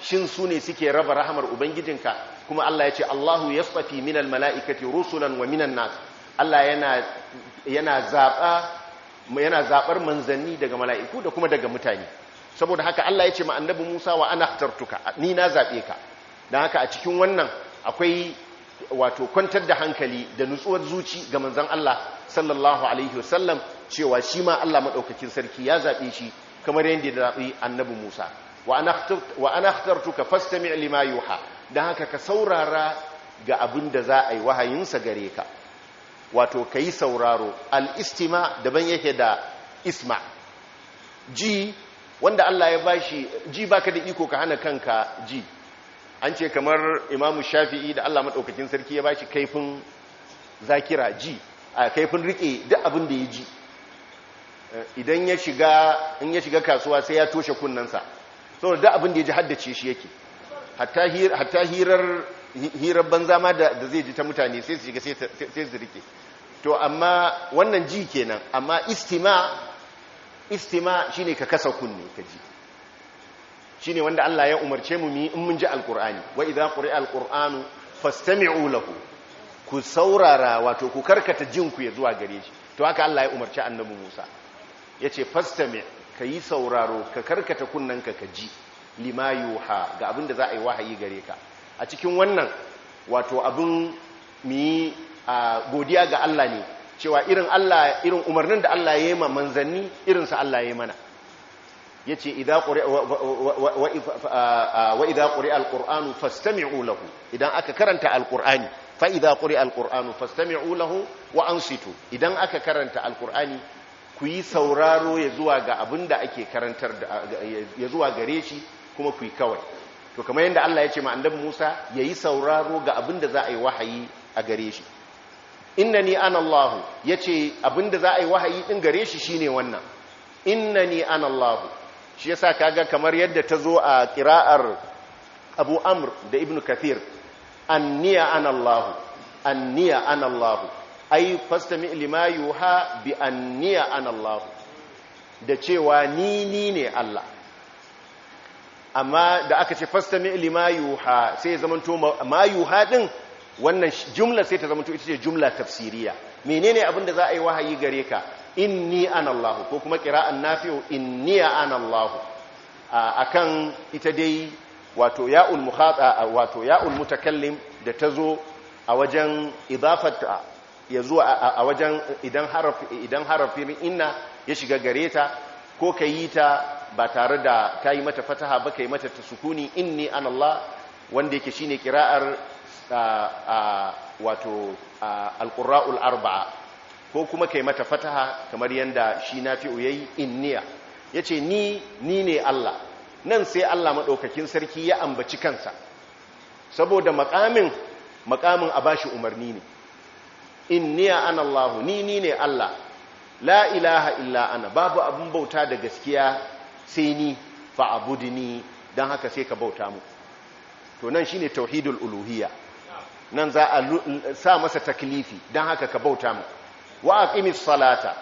shin su ne suke raba rahamar ubangijinka kuma Allah ya ce Allahu yastafi minal mala'ikati rusulan wa minan nas Allah yana yana zaba zabar manzanni daga mala'iku da kuma daga mutane saboda haka Allah ya ce ma annabi Musa wa ana akhtartuka ni na zabe ka dan haka a cikin wannan akwai wato kwantar da hankali da nutsuwar zuci ga manzon Allah sallallahu alaihi wasallam cewa shi ma Allah madaukakin sarki ya zabe shi kamar yadda ya zabi annabi Musa wa ana akhtartuka fastami' lima yuha dan haka ka saurara ga abinda za a yi wahayin sa gare ka wato kai sauraro al-istima daban yake da isma ji wanda Allah ya bashi ji baka da iko ka hana kanka ji an ce kamar imamu shafi'i da Allah maɗaukakin sarki ya bashi kaifin zakira ji a kaifin rike duk abin da ya ji idan ya shiga in ya shiga kasuwa sai ya toshe kunnensa da duk abin da ya ji haddace shi yake hatta hirar banza ma da zai ji ta mutane sai su shiga sai su rike to amma wannan ji kenan amma istima shi shine ka kasa kunne ka ji shine wanda Allah ya umarce mu mu in mun ji alkur'ani wa idza quri'a alqur'anu fastami'u lahu ku saurara wato ku karkata jinku ya zuwa gare shi to haka Allah ya umarci annabi Musa yace fastami yi sauraro ka karkata kunnanka ka ji lima yuha ga abin da za a yi wahayi gare ka a cikin wannan wato abin mi a godiya ga Allah ne cewa irin Allah irin umarnin da Allah ya yi ma manzanni irin sa Allah ya yi mana yace idza quri wa idza quri alquranu fastami'u lahu idan aka karanta alqurani fa'iza ƙuri alƙur'anu fastami'u lahu wa ansitu idan aka karanta alƙur'ani ku yi sauraro ya zuwa ga abin da ake karantar ya zuwa gare shi kuma ku yi kawai to kamar yadda Allah ya ce ma Musa ya yi sauraro ga abin da za a yi wahayi a gare shi innani ana Allah ya ce abin da za a yi wahayi ɗin gare shi shine wannan innani ana Allah shi yasa kaga kamar yadda ta zo a ƙira'ar Abu Amr da Ibn Kathir anniya anallahu anniya anallahu ai fastami lima yuha bi anniya an anallahu da cewa ni ni ne Allah amma da aka ce fastami lima yuha sai zamanto ma yuha din wannan jumla sai ta zamanto ita ce jumla tafsiriya menene abinda za a yi wahayi gare ka inni an anallahu ko kuma qira'an nafi'u inni anallahu akan ita dai wato ya'ul mukhata wato ya'ul mutakallim da tazo a wajen idafata ya zuwa a wajen idan harafi idan harafin inna ya shiga gareta ko kayi ta ba tare da kayi mata fataha ba kai mata tasukuni inni anallah wanda yake shine qira'ar wato alqurra'ul arba'a ko kuma kai mata fataha kamar yanda shi nafi'u yayi inniya yace ni ni ne Allah nan sai Allah maɗaukakin sarki ya ambaci kansa saboda makamin makamin a bashi umarni ne inniya ana Allah ni ni ne Allah la ilaha illa ana babu abin bauta da gaskiya sai ni fa ni. dan haka sai ka bauta mu to nan shine tauhidul uluhiya. nan za a sa masa taklifi dan haka ka bauta mu wa aqimis salata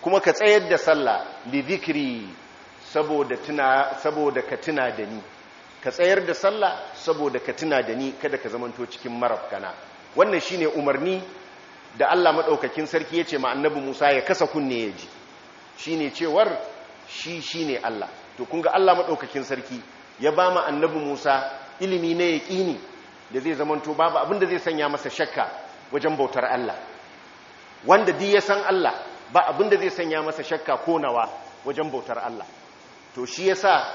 kuma ka tsayar da sallah li dhikri saboda ka tuna da ni ka tsayar da sallah saboda ka tuna da ni kada ka zamanto cikin marafkana wannan shine umarni da Allah maɗaukakin sarki yace ma annabi Musa ya kasa kunne ya ji shine cewar shi shine Allah to kunga Allah maɗaukakin sarki ya ba ma annabi Musa ilimi na yaqini da zai zamanto babu abinda zai sanya masa shakka wajen bautar Allah wanda duk ya san Allah ba abinda zai sanya masa shakka ko nawa wajen bautar Allah to shi yasa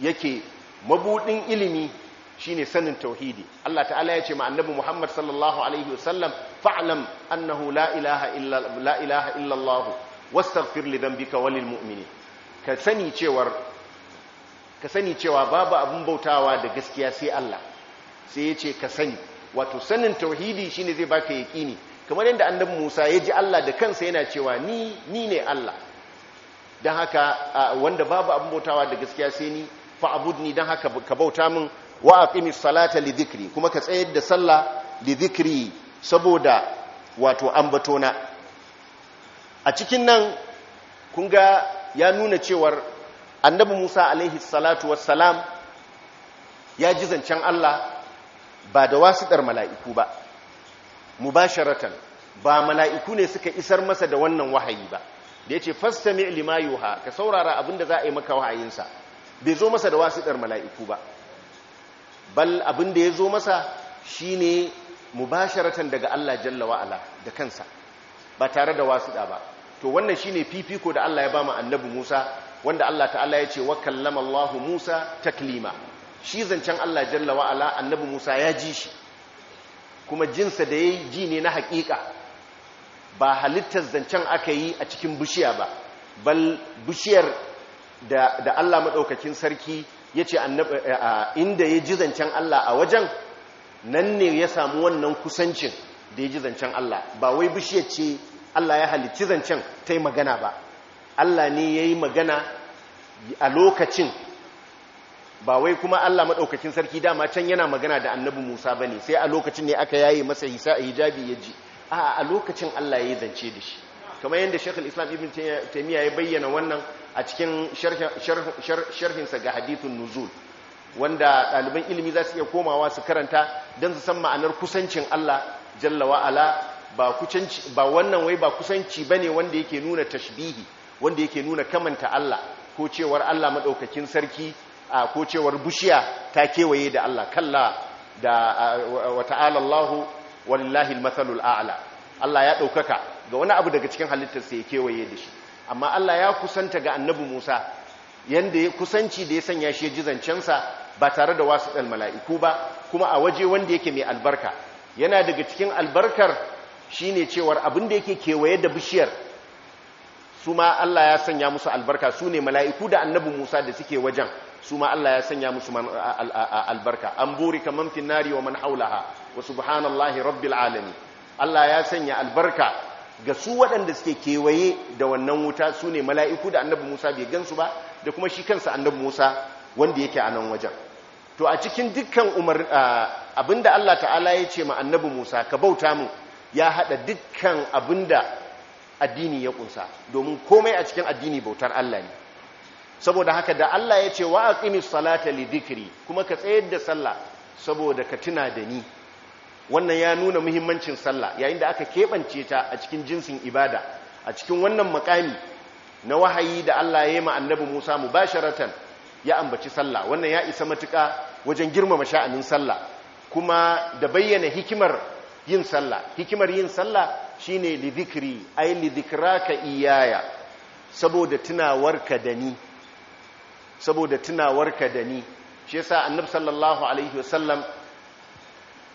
yake mabudin ilimi shine sanin tauhidi Allah ta'ala ya ce ma annabi Muhammad sallallahu alaihi wasallam fa'lam annahu la ilaha illa la ilaha illa Allah wastaghfir li dhanbika mu'minin ka sani cewar ka sani cewa babu abin bautawa da gaskiya sai Allah sai yace ka sani wato sanin tauhidi shine zai baka yaqini kamar yadda annabi Musa ya ji Allah da kansa yana cewa ni ni ne Allah don haka wanda babu abin bautawa da gaskiya sai ni ni don haka ka bauta min wa aqimis salata li dhikri kuma ka tsayar da sallah li dhikri saboda wato ambatona a cikin nan kun ga ya nuna cewar annabi Musa alaihi salatu wassalam ya ji zancen Allah ba da wasiɗar mala'iku ba mubasharatan ba mala'iku ne suka isar masa da wannan wahayi ba da ya ce fastami lima ka saurara abinda za a yi maka wahayinsa bai zo masa da wasitar mala'iku ba bal abinda ya zo masa shine mubasharatan daga Allah jalla wa'ala da kansa ba tare da wasiɗa ba to wannan shine fifiko da Allah ya ba mu annabi Musa wanda Allah ta'ala ya ce wa Musa taklima shi zancen Allah jalla wa'ala annabi Musa ya ji shi kuma jinsa da yayi ji ne na haƙiƙa ba halittar zancen aka yi a cikin bishiya ba bal bishiyar da, da Allah maɗaukakin sarki ya ce eh, inda ya ji zancen Allah a wajen nan ne ya samu wannan kusancin da ya ji zancen Allah ba wai bishiyar ce Allah ya halicci zancen ta yi magana ba Allah ne ya yi magana a lokacin ba wai kuma Allah maɗaukakin sarki dama can yana magana da annabi Musa ba ne sai a lokacin ne aka yaye masa hisa a hijabi ya ji a a lokacin Allah ya zance da shi kamar yadda shekul islam Ibn taimiyya ya bayyana wannan a cikin sharhinsa ga hadithun nuzul wanda ɗaliban ilimi za su iya komawa su karanta don su san ma'anar kusancin Allah jalla wa'ala ba wannan wai ba kusanci ba ne wanda yake nuna tashbihi wanda yake nuna kamanta Allah ko cewar Allah maɗaukakin sarki ko cewar bushiya ta kewaye da Allah kalla da wata'alallahu walillahi matsalul a'la Allah ya ɗaukaka, ga wani abu daga cikin halittarsa ya kewaye da shi amma Allah ya kusanta ga annabi Musa yanda ya kusanci da ya sanya shi ya ba tare da wasu dal mala'iku ba kuma a waje wanda yake mai albarka yana daga cikin albarkar shine cewar abin da yake kewaye da bishiyar su ma Allah ya sanya musu albarka su ne mala'iku da annabi Musa da suke wajen su ma Allah ya sanya musu albarka an burika man fi nari wa man haulaha wa subhanallahi rabbil alamin Allah ya sanya albarka ga su waɗanda suke kewaye da wannan wuta su ne mala'iku da annabi Musa bai gansu ba da kuma shi kansa annabi Musa wanda yake a nan wajen to a cikin dukkan umar abinda Allah ta'ala ya ce ma annabi Musa ka bauta mu ya haɗa dukkan abinda addini ya ƙunsa domin komai a cikin addini bautar Allah ne saboda haka da Allah ya ce wa aqimis salata li dhikri kuma ka tsayar da sallah saboda ka tuna da ni wannan ya nuna muhimmancin sallah yayin da aka keɓance ta a cikin jinsin ibada a cikin wannan makami na wahayi da Allah ya yi ma annabi Musa mubasharatan ya ambaci sallah wannan ya isa matuƙa wajen girmama sha'anin sallah kuma da bayyana hikimar yin sallah hikimar yin sallah shine li dhikri ay li dhikraka iyaya saboda tunawarka da ni saboda tunawarka da ni shi yasa annab sallallahu alaihi wasallam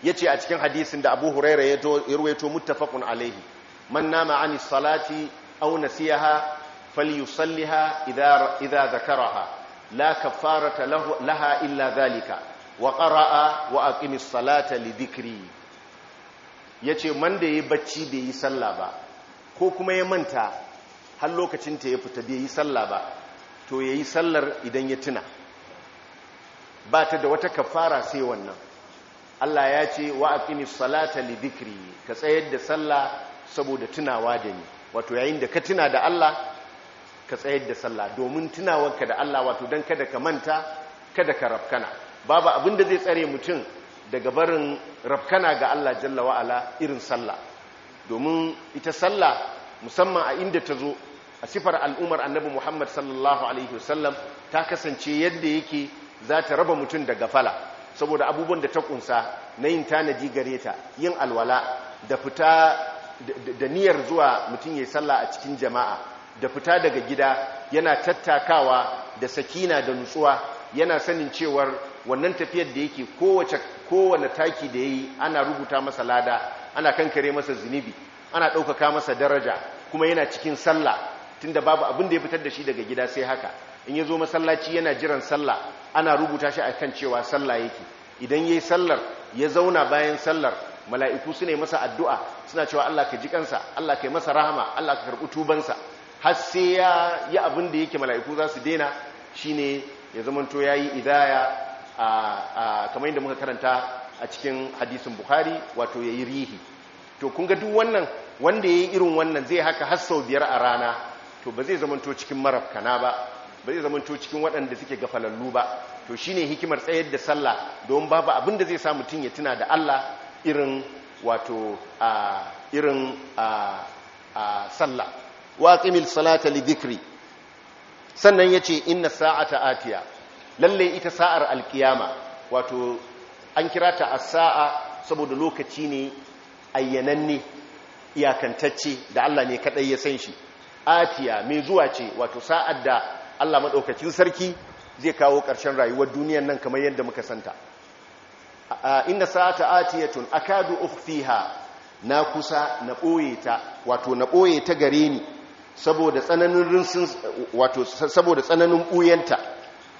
ya ce a cikin hadisin da abu huraira ya ruwaito muttafaƙun alaihi man nama ani salati aw nasiyaha falyusalliha idha zakaraha la kafarata laha illa zalika wa qara'a wa aqimis salata li dhikri yace man da yayi bacci bai yi sallah ba ko kuma ya manta har lokacin ta ya fita bai yi sallah ba to ya yi sallar idan ya tuna ba ta da wata kafara sai wannan Allah ya ce wa aqimis salata li dhikri ka tsayar da sallah saboda tunawa da ni wato yayin da ka tuna da Allah ka tsayar da sallah domin ka da Allah wato dan kada ka manta kada ka rafkana babu abin da zai tsare mutum daga barin rafkana ga Allah jalla wa'ala irin sallah domin ita sallah musamman a inda ta zo a sifar al'umar annabi muhammad sallallahu alaihi wasallam ta kasance yadda yake za ta raba mutum daga fala saboda abubuwan da ta kunsa na yin tanadi gare ta yin alwala da fita da niyyar zuwa mutum ya yi sallah a cikin jama'a da fita daga gida yana tattakawa da sakina da nutsuwa yana sanin cewar wannan tafiyar da yake kowane taki da ya yi ana rubuta masa lada ana kankare masa zunubi ana ɗaukaka masa daraja kuma yana cikin sallah tunda babu abin da ya fitar da shi daga gida sai haka in ya zo masallaci yana jiran sallah ana rubuta shi a kan cewa sallah yake idan yayi sallar ya zauna bayan sallar mala'iku su ne masa addu'a suna cewa Allah ka ji kansa Allah ka yi masa rahama Allah ka karɓi tubansa har sai ya yi abin da yake mala'iku za su dena shine ya zamanto ya yi idaya kamar yadda muka karanta a cikin hadisin bukhari wato ya yi rihi to kun ga duk wannan wanda ya yi irin wannan zai haka har sau biyar a rana to ba zai zamanto cikin marafkana ba ba zai zamanto cikin waɗanda suke ga falallu ba to shi ne hikimar tsayar da sallah don babu abin da zai sa mutum ya tuna da Allah irin wato a irin a sallah waƙimil salata li dhikri sannan yace inna sa'ata atiya lalle ita sa'ar alkiyama wato an kira ta a saa saboda lokaci ne ayyananne iyakantacce da Allah ne kaɗai ya san shi atiya mai zuwa ce wato sa'ad da Allah maɗaukacin sarki zai kawo ƙarshen rayuwar duniyan nan kamar yadda muka santa tun sa'ata atiyatun akadu ofiha na kusa na ɓoye ta wato na ɓoye ta gare ni saboda tsananin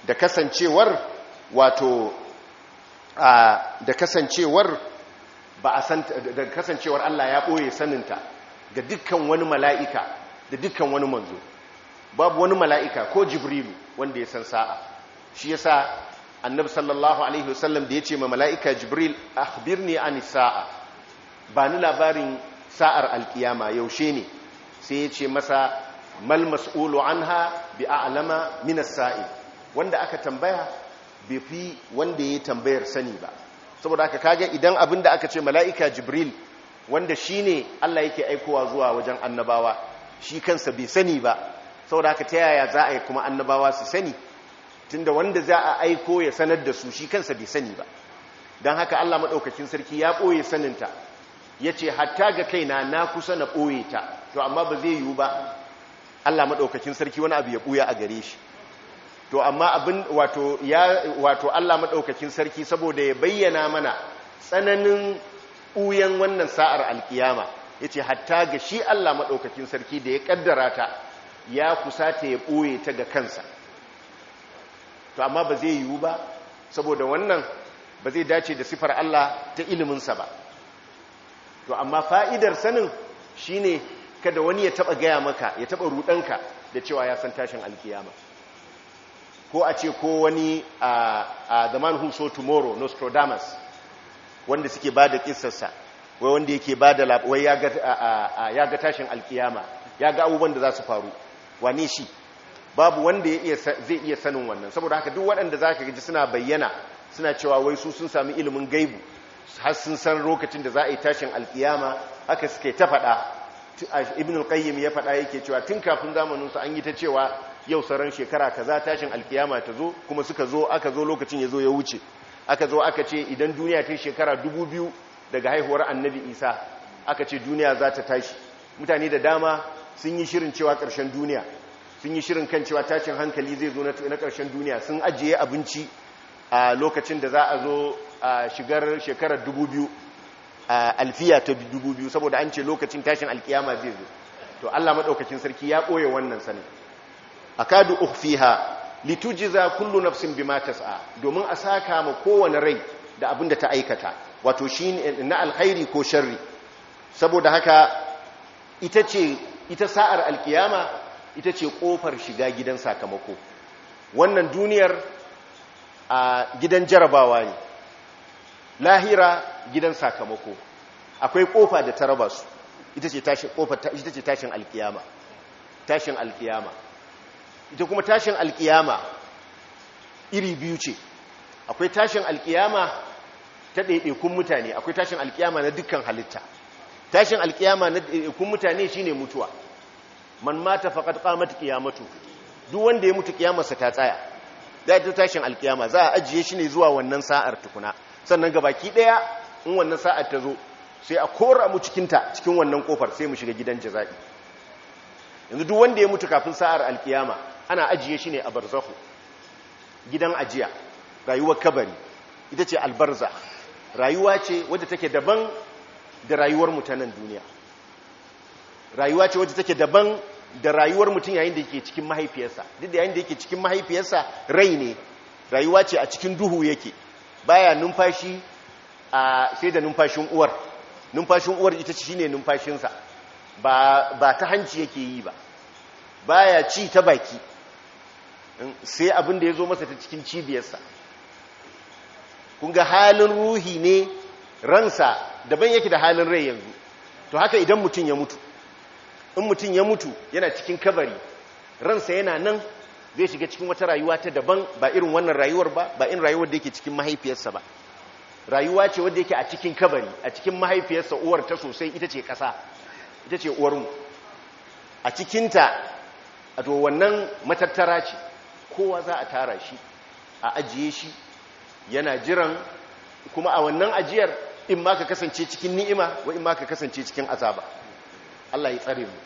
da kasancewar wato da kasancewar ba a san da kasancewar Allah ya ɓoye saninta ga dukkan wani mala'ika da dukkan wani manzo babu wani mala'ika ko jibrilu wanda ya san sa'a shi ya sa annabi sallallahu alaihi wasallam da ya ce ma mala'ika jibril birni a sa'a ba ni labarin sa'ar alkiyama yaushe ne sai ya ce masa mal mas'ulu anha bi a'lama minas sa'i wanda aka tambaya bai fi wanda ya tambayar sani ba saboda aka kage idan abin da aka ce mala'ika jibril wanda shi ne Allah yake aikowa zuwa wajen annabawa shi kansa bai sani ba saboda haka ta yaya za a yi kuma annabawa su sani tunda wanda za a aiko ya sanar da su shi kansa bai sani ba don haka Allah maɗaukakin sarki ya ɓoye saninta ya ce hatta ga kaina na kusa na ɓoye ta to amma ba zai yiwu ba Allah maɗaukakin sarki wani abu ya ɓuya a gare shi to amma abin wato ya wato Allah maɗaukakin sarki saboda ya bayyana mana tsananin ɓuyan wannan sa'ar alkiyama ya ce hatta ga shi Allah maɗaukakin sarki da ya ƙaddara ta ya ta ya ɓoye ta ga kansa to amma ba zai yiwu ba saboda wannan ba zai dace da sifar Allah ta iliminsa ba to amma fa'idar sanin shi ne kada wani ya taɓa gaya maka ya taɓa ruɗanka da cewa ya san tashin alkiyama ko a ce ko wani a ah, ah, the man who tomorrow nostradamus wanda suke ba da ƙisarsa wai wanda yake ba da wai ya ga tashin alkiyama ya ga abubuwan da za su faru wane shi babu wanda zai iya sanin wannan saboda haka duk waɗanda za ka gaji suna bayyana suna cewa wai su sun sami ilimin gaibu har sun san lokacin da za a yi tashin alkiyama haka suke ta faɗa ibn al-qayyim ya faɗa yake cewa tun kafin zamanin su an yi ta cewa yau sauran shekara kaza tashin alkiyama ta zo kuma suka zo aka zo lokacin ya zo ya wuce aka zo aka ce idan duniya ta shekara dubu biyu daga haihuwar annabi isa aka ce duniya za ta tashi mutane da dama sun yi shirin cewa ƙarshen duniya sun yi shirin kan cewa tashin hankali zai zo na ƙarshen duniya sun ajiye abinci a lokacin da za a zo a shigar shekarar biyu alfiya ta biyu saboda an ce lokacin tashin alkiyama zai zo to allah maɗaukacin sarki ya ɓoye wannan sanin akadu ukhfiha litujiza kullu nafsin bima tas'a domin a saka ma kowane rai da abin da ta aikata wato shi na alkhairi ko sharri saboda haka ita ce ita sa'ar alkiyama ita ce kofar shiga gidan sakamako wannan duniyar a gidan jarabawa ne lahira gidan sakamako akwai kofa da ta raba su ita ce tashin alkiyama tashin alkiyama ita kuma tashin alkiyama iri biyu ce akwai tashin alkiyama ta ɗaiɗaikun mutane akwai tashin alkiyama na dukkan halitta tashin alkiyama na ɗaiɗaikun mutane shine mutuwa man mata faqad qamat qiyamatu duk wanda ya mutu kiyamarsa ta tsaya da ta tashin alkiyama za a ajiye shi ne zuwa wannan sa'ar tukuna sannan gabaki ɗaya in wannan sa'ar ta zo sai a kora mu cikin cikin wannan kofar sai mu shiga gidan jaza'i yanzu duk wanda ya mutu kafin sa'ar alkiyama ana ajiye shi ne a barzahu gidan ajiya rayuwar kabari ita ce albarza rayuwa ce wadda take daban da rayuwar mutanen duniya rayuwa ce wadda take daban da rayuwar mutum yayin da yake cikin mahaifiyarsa duk da yayin da yake cikin mahaifiyarsa rai ne rayuwa ce a cikin duhu yake baya numfashi a sai da numfashin uwar numfashin uwar ita ce shine numfashinsa ba ba ta hanci yake yi ba baya ci ta baki sai abin da ya zo masa ta cikin cibiyarsa kun ga halin ruhi ne ransa daban yake da halin rai yanzu to haka idan mutum ya mutu in mutum ya mutu yana cikin kabari ransa yana nan zai shiga cikin wata rayuwa ta daban ba irin wannan rayuwar ba ba in rayuwar da yake cikin mahaifiyarsa ba rayuwa ce wadda yake a cikin kabari a cikin mahaifiyarsa uwar ta sosai ita ce ƙasa ita ce uwar mu a cikinta a to wannan matattara ce kowa za a tara shi a ajiye shi yana jiran kuma a wannan ajiyar in ma ka kasance cikin ni'ima wa in ma ka kasance cikin azaba Allah ya tsare mu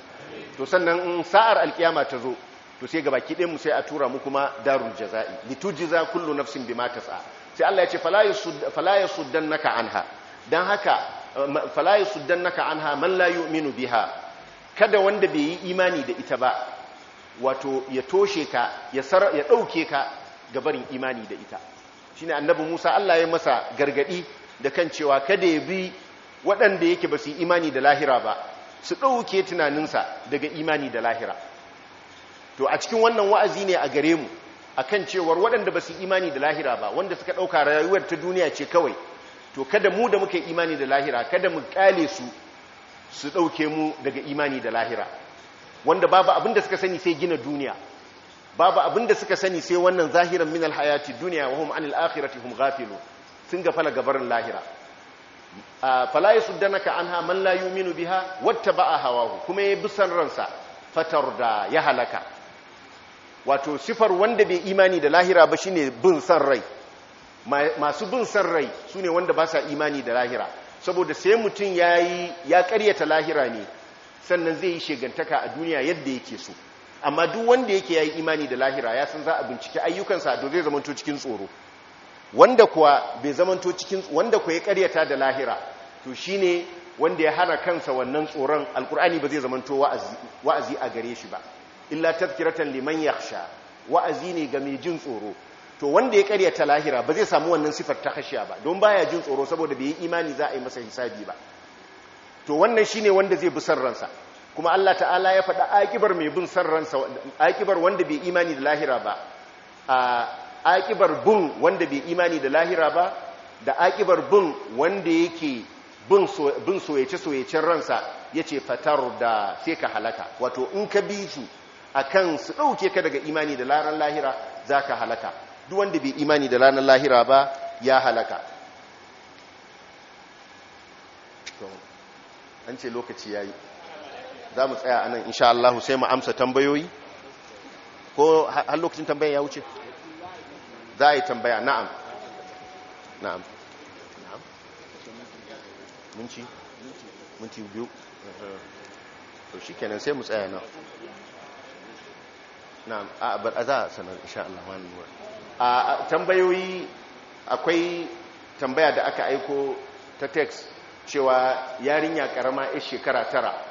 to sannan in sa'ar alkiyama ta zo to sai ga baki ɗayan mu sai a tura mu kuma darul jaza'i litujza kullu nafsin bima tas'a sai Allah ya ce fala fala yasuddannaka anha dan haka fala yasuddannaka anha man la yu'minu biha kada wanda bai yi imani da ita ba wato ya toshe ka ya ɗauke ka gabarin imani da ita ne annabi Musa Allah ya masa gargadi da kan cewa kada ya bi waɗanda yake ba su imani da lahira ba su ɗauke tunaninsa daga imani da lahira to a cikin wannan wa'azi ne a gare mu a kan cewar waɗanda ba su imani da lahira ba wanda suka ɗauka rayuwar ta duniya ce kawai to kada mu da muke imani da lahira kada mu ƙale su su ɗauke mu daga imani da lahira wanda babu abin da suka sani sai gina duniya babu abin da suka sani sai wannan zahiran min alhayati duniya wa hum anil akhirati hum ghafilu sun fala gabarin lahira fala yasuddanaka anha man la yu'minu biha wattaba'a hawahu kuma ya bisan ransa fatarda ya halaka wato sifar wanda bai imani da lahira ba shine bin san rai masu bin san rai sune wanda ba sa imani da lahira saboda sai mutum yayi ya karyata lahira ne sannan zai yi shegantaka a duniya yadda yake so amma duk wanda yake ya yi imani da lahira ya san za a binciki ayyukan sa to zai zamanto cikin tsoro wanda kuwa bai zamanto cikin wanda kuwa ya karyata da lahira to shine wanda ya hana kansa wannan tsoron alkur'ani ba zai zamanto wa'azi a gare shi ba illa tadhkiratan liman yakhsha wa'azi ne ga mai jin tsoro to wanda ya karyata lahira ba zai samu wannan sifar ta khashiya ba don baya jin tsoro saboda bai yi imani za a yi masa hisabi ba to wannan shine wanda zai bi san ransa kuma Allah ta'ala ya faɗa aƙibar mai bin san ransa aƙibar wanda bai imani da lahira ba a aƙibar bin wanda bai imani da lahira ba da aƙibar bin wanda yake bin soyace-soyacen ransa ya ce fatar da sai ka halaka wato in ka bi su a kan su ɗauke ka daga imani da laran lahira za ka halaka duk wanda bai imani da laran lahira ba ya halaka an ce lokaci ya yi za mu tsaya anan insha Allah sai mu amsa tambayoyi ko har lokacin tambaya ya wuce za a yi tambaya na'am na'am na'am minci minti biyu to shi kenan sai mu tsaya nan na'am a bar a za a sanar insha Allah wani a tambayoyi akwai tambaya da aka aiko ta text cewa yarinya karama 'yar shekara tara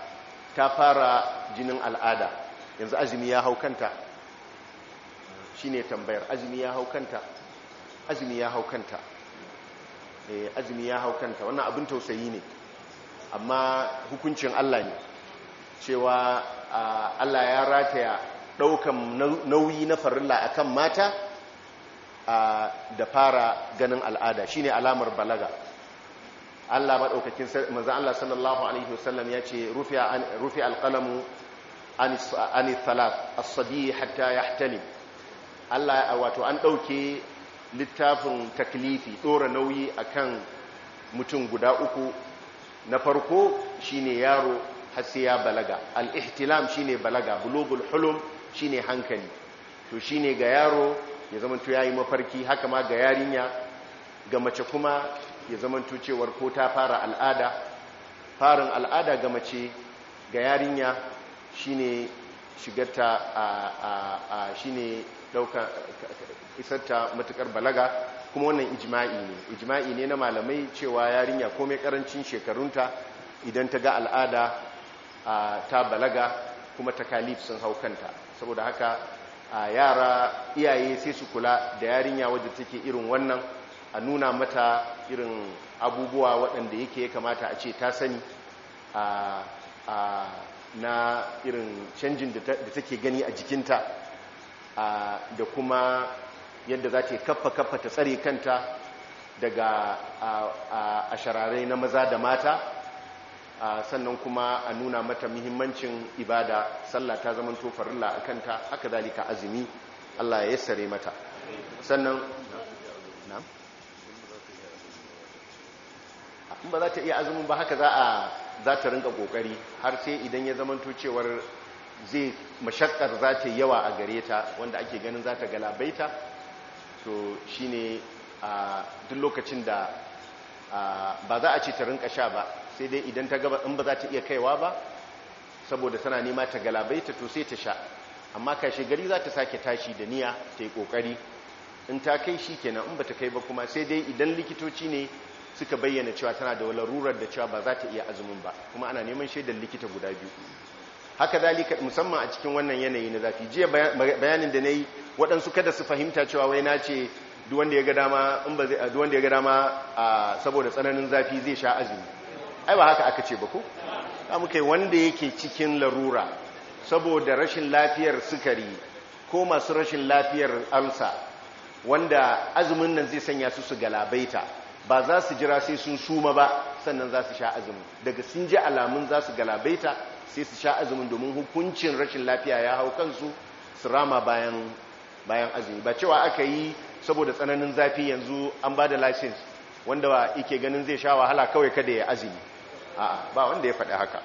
ta fara jinin al'ada yanzu azumi ya hau kanta Shi ne tambayar azumi ya hau kanta azumi ya hau kanta eh, azumi ya hau kanta wannan abin tausayi ne amma hukuncin Allah ne cewa Allah ya rataya daukan nauyi na farilla akan mata da fara ganin al'ada Shi ne alamar balaga Allah madaukakin manzo Allah sallallahu alaihi wasallam ya ce rufi alqalamu an thalath as-sadi hatta yahtalim Allah wato an dauke littafin taklifi dora nauyi a kan mutum guda uku na farko shine yaro har ya balaga al-ihtilam shine balaga bulugul hulum shine hankali to shine ga yaro ya zama to yi mafarki haka ma ga yarinya ga mace kuma ya zamanto cewar ko ta fara al'ada farin al'ada ga mace ga yarinya shine shigarta a shine dauka isarta matukar balaga kuma wannan ijma'i ne ijma'i ne na malamai cewa yarinya komai karancin shekarunta idan ta ga al'ada ta balaga kuma takalif sun hau kanta saboda haka a yara iyaye sai su kula da yarinya wadda take irin wannan a nuna mata irin abubuwa waɗanda yake ya kamata a ce ta sani na irin canjin da take gani a jikinta da kuma yadda za ta kaffa kaffa ta tsare kanta daga a shararai na maza da mata sannan kuma a nuna mata muhimmancin ibada sallah ta zama tofarilla a kanta haka zalika azumi Allah ya sare mata sannan in ba za ta iya azumin ba haka za a za ta rinka kokari har sai idan ya zamanto cewar zai mashakar za ta yawa a gare ta wanda ake ganin za ta galabaita to ne a duk lokacin da ba za a ce ta rinka sha ba sai dai idan ta gaba in ba za ta iya kaiwa ba saboda tana nema ta galabaita to sai ta sha amma kashe gari za ta sake tashi da niya ta yi kokari in ta kai shi kenan in ba ta kai ba kuma sai dai idan likitoci ne suka bayyana cewa tana da larurar da cewa ba za ta iya azumin ba kuma ana neman shaidar likita guda biyu haka zalika musamman a cikin wannan yanayi na zafi jiya bayanin da na yi waɗansu kada su fahimta cewa wai na ce duwanda ya ga dama saboda tsananin zafi zai sha azumi ai ba haka aka ce ba ko za mu kai wanda yake cikin larura saboda rashin lafiyar sukari ko masu rashin lafiyar amsa wanda azumin nan zai sanya su su galabaita ba za su jira sai sun suma ba sannan za su sha azumin daga sun ji alamun za su galabaita sai su sha azumin domin hukuncin rashin lafiya ya hau kansu su rama bayan bayan azumi ba cewa aka yi saboda tsananin zafi yanzu an ba da license wanda ike ganin zai sha wahala kawai kada ya azumi a'a ba wanda ya faɗi haka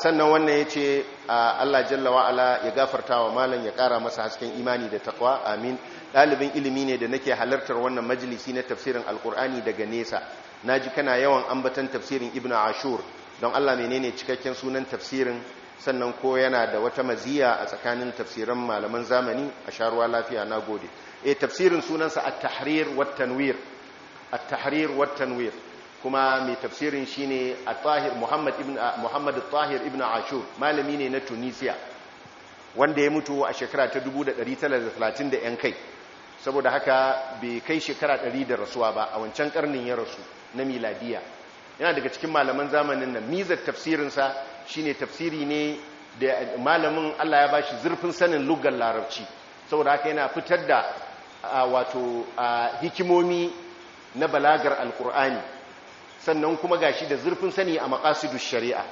sannan wannan ya ce Allah jalla wa'ala ya gafarta wa malam ya ƙara masa hasken imani da takwa amin ɗalibin ilimi ne da nake halartar wannan majalisi na tafsirin alkur'ani daga nesa na ji kana yawan ambatan tafsirin ibnu ashur don Allah menene cikakken sunan tafsirin sannan ko yana da wata maziya a tsakanin tafsiran malaman zamani a sharuwa lafiya na gode eh tafsirin sunansa at-tahrir wat-tanwir at-tahrir wat-tanwir kuma mai tafsirin shine ne tahir muhammad ah, tahir ibn ashur malami ne na tunisia wanda ya mutu a shekara ta 1930 da yan kai saboda haka bai kai shekara 100 da rasuwa ba a wancan karnin ya rasu na miladiya yana daga cikin malaman zamanin nan mizar tafsirinsa shi ne tafsiri ne da malamin Allah ya ba shi zurfin sanin lugar larabci saboda haka yana fitar da ah, wato ah, hikimomi na balagar alkur'ani sannan kuma gashi da zurfin sani a maqasidus shari'a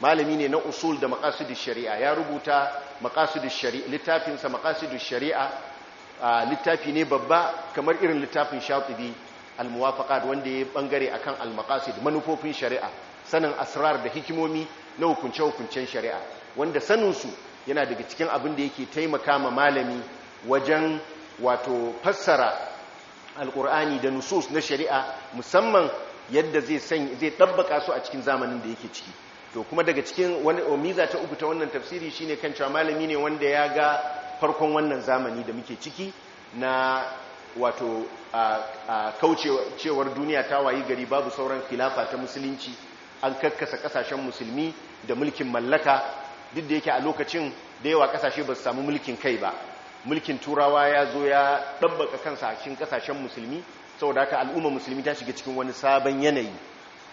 malami ne na usul da maqasidus shari'a ya rubuta maqasidus shari'a littafinsa maqasidus shari'a littafi ne babba kamar irin littafin shatibi al wanda ya bangare akan kan almakasudu manufofin shari'a sanin asrar da hikimomi na hukunce hukuncen shari'a wanda sanin su yana daga cikin abin da yake taimaka ma malami wajen wato fassara alkur'ani da nusus na shari'a musamman yadda zai zai dabbaka su a cikin zamanin da yake ciki to kuma daga cikin wani omiza oh, ta uku ta wannan tafsiri shine kan cewa malami ne wanda ya ga farkon wannan zamani da muke ciki na wato kaucewar duniya ta wayi gari babu sauran khilafa ta musulunci an kakkasa kasashen musulmi da mulkin mallaka duk da yake a lokacin da yawa kasashe ba su samu mulkin kai ba mulkin turawa ya zo ya ɗabbaka kansa a cikin kasashen musulmi saboda haka al'umma musulmi ta shiga cikin wani sabon yanayi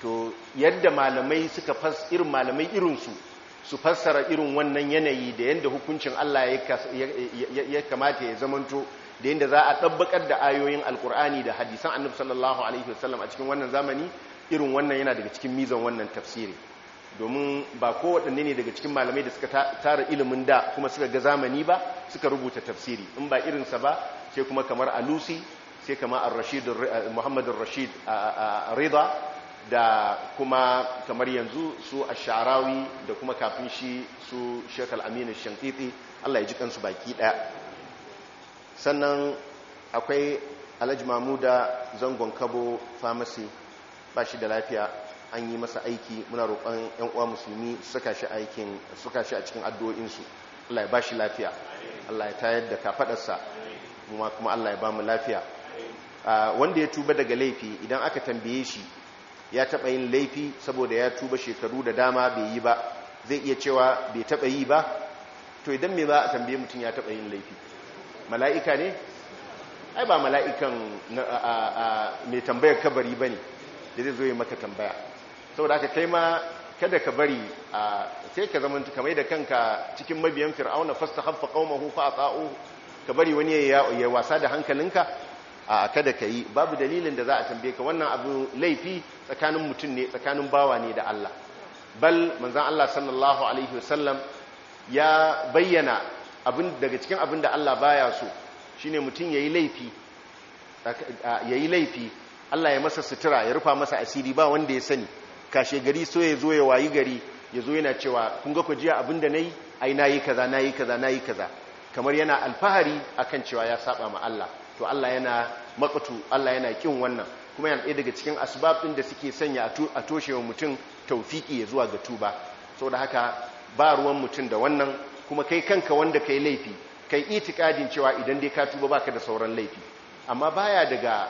to yadda malamai suka fas irin malamai irinsu su fassara irin wannan yanayi da yadda hukuncin Allah ya kamata ya zamanto da yadda za a tabbakar da ayoyin alkur'ani da hadisan annabi sallallahu alaihi wasallam a cikin wannan zamani irin wannan yana daga cikin mizan wannan tafsiri domin ba kowaɗanne ne daga cikin malamai da suka tara ilimin da kuma suka ga zamani ba suka rubuta tafsiri in ba irinsa ba sai kuma kamar alusi sai kama eh, muhammadun rashid rida da kuma kamar yanzu su a sharawi da kuma kafin shi su shekal aminu shankiti allah ya ji kansu baki ɗaya sannan akwai alhaji da zangon kabo famasi ba shi da lafiya an yi masa aiki muna roƙon 'yan uwa musulmi suka shi aikin suka shi a cikin addu'o'insu allah ya bashi lafiya allah ya tayar da kafaɗarsa kuma kuma allah ya ba mu lafiya wanda ya tuba daga laifi idan aka tambaye shi ya taɓa yin laifi saboda ya tuba shekaru da dama bai yi ba zai iya cewa bai taɓa yi ba to idan me ba a tambaye mutum ya taɓa yin laifi mala'ika ne ai ba mala'ikan mai tambayar kabari ba ne da zai zo yi maka tambaya saboda aka kai ma kada ka bari sai ka zama kamar da kanka cikin mabiyan fir'auna fasta haffa qaumahu fa ata'u ka bari wani ya wasa da hankalinka a kada ka yi babu dalilin da za a tambaye ka wannan abu laifi tsakanin mutum ne tsakanin bawa ne da Allah bal manzan Allah sallallahu alaihi wasallam ya bayyana abin daga cikin abin da Allah baya so shine mutum ya laifi laifi Allah ya masa sutura ya rufa masa asiri ba wanda ya sani kashe gari so ya zo ya wayi gari ya zo yana cewa kun ga ku jiya abin da nayi ai nayi kaza nayi kaza nayi kaza kamar yana alfahari akan cewa ya saba ma Allah to Allah yana makatu Allah yana kin wannan kuma yana daga cikin asbab ɗin da suke sanya a toshe wa mutum taufiki ya zuwa ga tuba saboda haka ba ruwan mutum da wannan kuma kai kanka wanda kai laifi kai itikadin cewa idan dai ka tuba baka da sauran laifi amma baya daga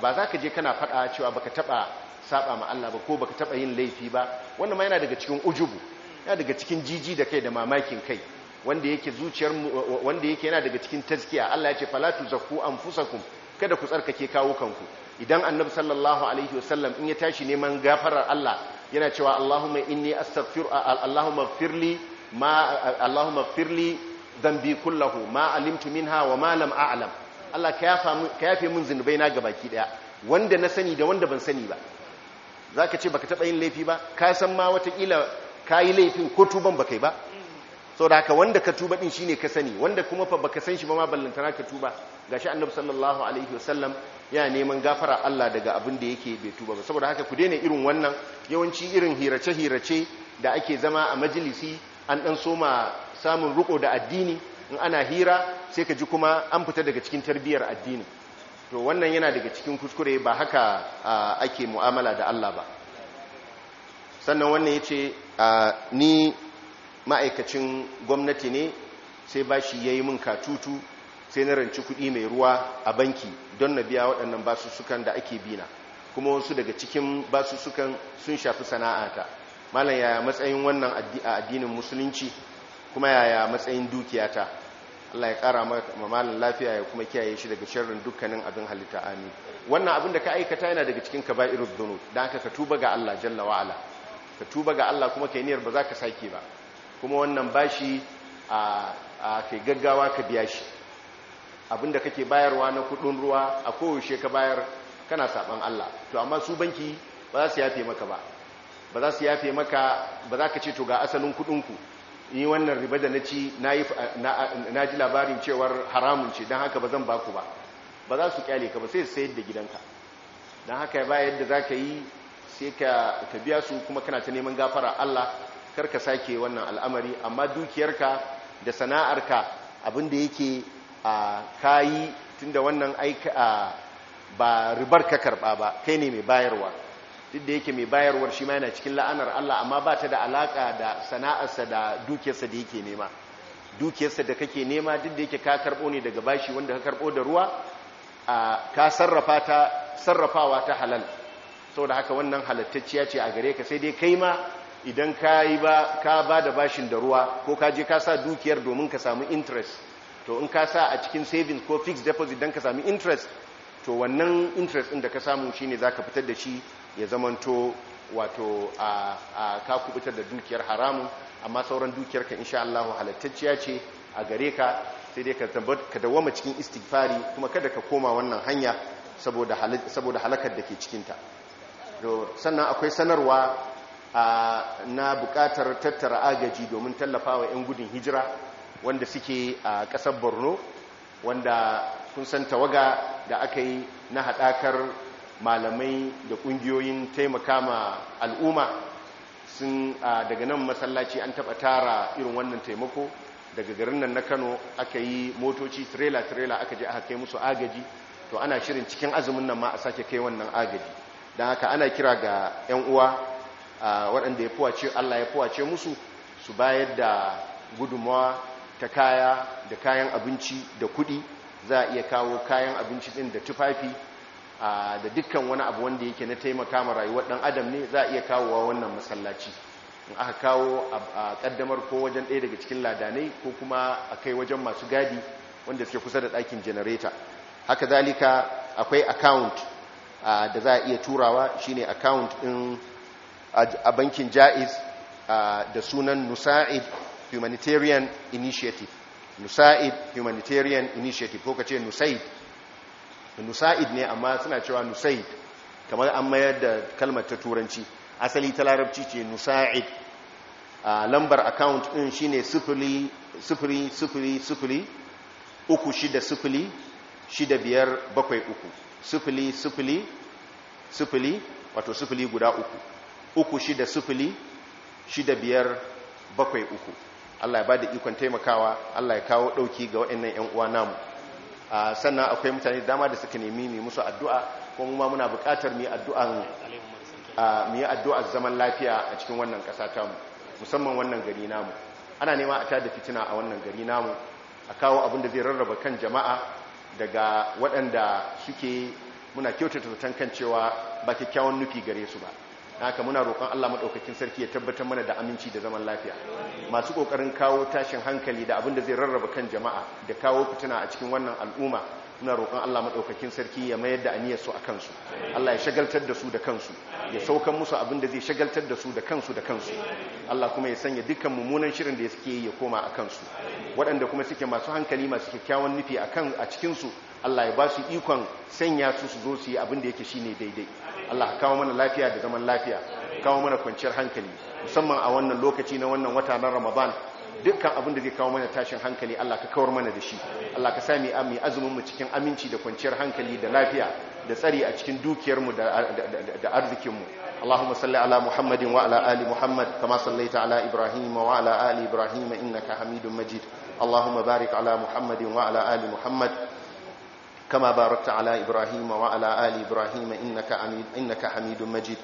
ba za ka je kana faɗa cewa baka taɓa saba ma Allah ba ko baka taɓa yin laifi ba wannan ma yana daga cikin ujubu yana daga cikin jiji da kai da mamakin kai wanda yake zuciyar wanda yake yana daga cikin taskiya Allah ya ce fala zakku anfusakum kada ku tsarkake kawo kanku idan annabi sallallahu alaihi wasallam in ya tashi neman gafarar Allah yana cewa Allahumma inni astaghfir Allahumma firli ma Allahumma firli dhanbi kullahu ma alimtu minha wa ma lam a'lam Allah ka yafe mun zunubai na ga baki daya wanda na sani da wanda ban sani ba zaka ce baka taba yin laifi ba ka san ma wata kila kai laifin ko tuban bakai ba saboda haka wanda ka tuba din shine ka sani wanda kuma fa baka san shi ba ma ballantana ka tuba gashi annabi sallallahu alaihi wasallam yana neman gafara Allah daga abin da yake bai tuba ba saboda haka ku daina irin wannan yawanci irin hirace hirace da ake zama a majalisi an dan soma samun riko da addini in ana hira sai ka ji kuma an fita daga cikin tarbiyar addini to wannan yana daga cikin kuskure ba haka ake mu'amala da Allah ba sannan wannan yace ni ma'aikacin gwamnati ne sai bashi ya yi min katutu sai na ranci kuɗi mai ruwa a banki don na biya waɗannan basussukan da ake bina kuma wasu daga cikin basussukan sun shafi sana'ata malam yaya matsayin wannan a addinin musulunci kuma yaya matsayin dukiyata Allah ya ƙara ma malam lafiya ya kuma kiyaye shi daga sharrin dukkanin abin halitta amin wannan abin da ka aikata yana daga cikin kaba'iru dhunub dan haka ka tuba ga Allah jalla wa'ala, katuba ka tuba ga Allah kuma kai niyyar ba za ka sake ba kuma wannan bashi a kai gaggawa ka biya shi abinda kake bayarwa na kudin ruwa a kowace ka bayar kana saban Allah to amma su banki ba za su yafe maka ba ba za su yafe maka ba za ka ce to ga asalin kudinku ni wannan riba da na ci na ji labarin cewar haramun ce don haka ba zan baku ba ba za su kyale ka ba sai su sayar da gidanka don haka ba yadda za ka yi sai ka biya su kuma kana ta neman gafara Allah karka sake wannan al'amari amma dukiyarka da sana'arka abin abinda yake a kayi tunda wannan aika ba ribar ka karba ba kai ne mai bayarwa duk da yake mai bayarwar shi ma yana cikin la'anar Allah amma ba ta da alaka da sana'arsa da dukiyarsa da yake nema dukiyarsa da kake nema duk da yake ka karbo ne daga bashi wanda ka karbo da ruwa ka sarrafa ta sarrafawa ta halal saboda haka wannan halattacciya ce a gare ka sai dai kai ma idan ka yi ba ka ba da bashin da ruwa ko ka je ka sa dukiyar domin ka samu interest to in ka sa a cikin savings ko fixed deposit don ka samu interest to wannan interest ɗin da ka samu shi ne za ka fitar da shi ya zamanto wato a ka kubutar da dukiyar haramun amma sauran dukiyar ka insha Allah halattacciya ce a gare ka sai dai ka dawoma cikin istighfari kuma kada ka koma wannan hanya saboda halakar da ke cikinta sannan akwai sanarwa na bukatar tattara agaji domin tallafawa 'yan gudun hijira wanda suke a ƙasar borno wanda kun san tawaga da aka yi na haɗakar malamai da ƙungiyoyin taimaka ma al'umma sun daga nan masallaci an taɓa tara irin wannan taimako daga garin nan na kano aka yi motoci trailer-trailer aka je aka kai musu agaji to ana shirin cikin azumin nan ma a sake kai wannan agaji don haka ana kira ga 'yan uwa waɗanda ya fuwace Allah ya fuwace musu su bayar da gudunmawa ta kaya da kayan abinci da kuɗi za a iya kawo kayan abinci ɗin da tufafi da dukkan wani abu wanda yake na taimaka ma rayuwar ɗan adam ne za a iya kawowa wannan masallaci in aka kawo a ƙaddamar ko wajen ɗaya daga cikin ladanai ko kuma a kai wajen masu gadi wanda suke kusa da ɗakin janareta haka zalika akwai akawunt da za a iya turawa shine akawunt ɗin a bankin jaiz da sunan nusa'id humanitarian initiative nusa'id humanitarian initiative ko kace nusa'id nusa'id ne amma suna cewa nusa'id kamar an mayar da kalmar ta turanci asali ta larabci ce nusa'id lambar account din shine 0000 0 0 uku shida sifili shida biyar bakwai uku sifili sifili sifili wato sifili guda uku uku shida sufuli shida biyar bakwai uku Allah ya ba da ikon taimakawa Allah ya kawo ɗauki ga waɗannan 'yan uwa namu sannan akwai mutane dama da suka nemi mai musu addu'a kuma mu ma muna buƙatar mu yi addu'ar zaman lafiya a cikin wannan ƙasa tamu musamman wannan gari namu ana nema a tada fitina a wannan gari namu a kawo abin da zai rarraba kan jama'a daga waɗanda suke muna kyautata zaton kan cewa ba kyakkyawan nufi gare su ba haka muna roƙon Allah maɗaukakin sarki ya tabbatar mana da aminci da zaman lafiya masu ƙoƙarin kawo tashin hankali da abin da zai rarraba kan jama'a da kawo fitina a cikin wannan al'umma muna roƙon Allah maɗaukakin sarki ya mayar da aniyar su a kansu Allah ya shagaltar da su da kansu ya saukan musu abin da zai shagaltar da su da kansu da kansu Allah kuma ya sanya dukkan mummunan shirin da suke yi ya koma a kansu waɗanda kuma suke masu hankali masu kyakkyawan nufi a cikin su Allah ya ba su ikon sanya su su zo su yi abin da yake shine daidai Allah ka kawo mana lafiya da zaman lafiya kawo mana kwanciyar hankali musamman a wannan lokaci na wannan wata na Ramadan dukkan abin da zai kawo mana tashin hankali Allah ka kawar mana da shi Allah ka sami mu azumin mu cikin aminci da kwanciyar hankali da lafiya da tsari a cikin dukiyar mu da arzikin mu Allahumma salli ala Muhammadin wa ala ali Muhammad kama sallaita ala Ibrahim wa ala ali Ibrahim innaka Hamidum Majid Allahumma barik ala Muhammadin wa ala ali Muhammad كما باركت على إبراهيم وعلى آل إبراهيم إنك, عميد إنك حميد مجيد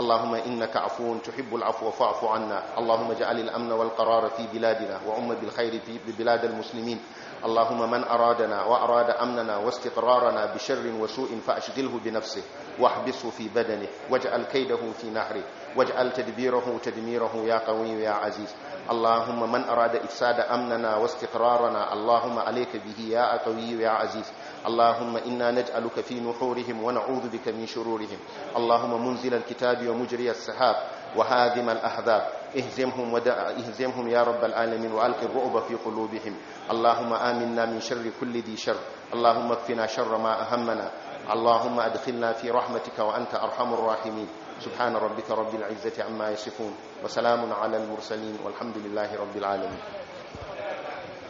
اللهم إنك عفو تحب العفو فاعف عنا اللهم اجعل الأمن والقرار في بلادنا وعم بالخير في بلاد المسلمين اللهم من أرادنا وأراد أمننا واستقرارنا بشر وسوء فأشغله بنفسه واحبسه في بدنه واجعل كيده في نحره واجعل تدبيره تدميره يا قوي يا عزيز اللهم من أراد إفساد أمننا واستقرارنا اللهم عليك به يا قوي يا عزيز اللهم إنا نجعلك في نحورهم ونعوذ بك من شرورهم اللهم منزل الكتاب ومجري السحاب وهادم الأحذاب اهزمهم, ودع... اهزمهم يا رب العالمين وألق الرؤب في قلوبهم اللهم آمنا من شر كل ذي شر اللهم اكفنا شر ما أهمنا اللهم أدخلنا في رحمتك وأنت أرحم الراحمين سبحان ربك رب العزة عما يصفون وسلام على المرسلين والحمد لله رب العالمين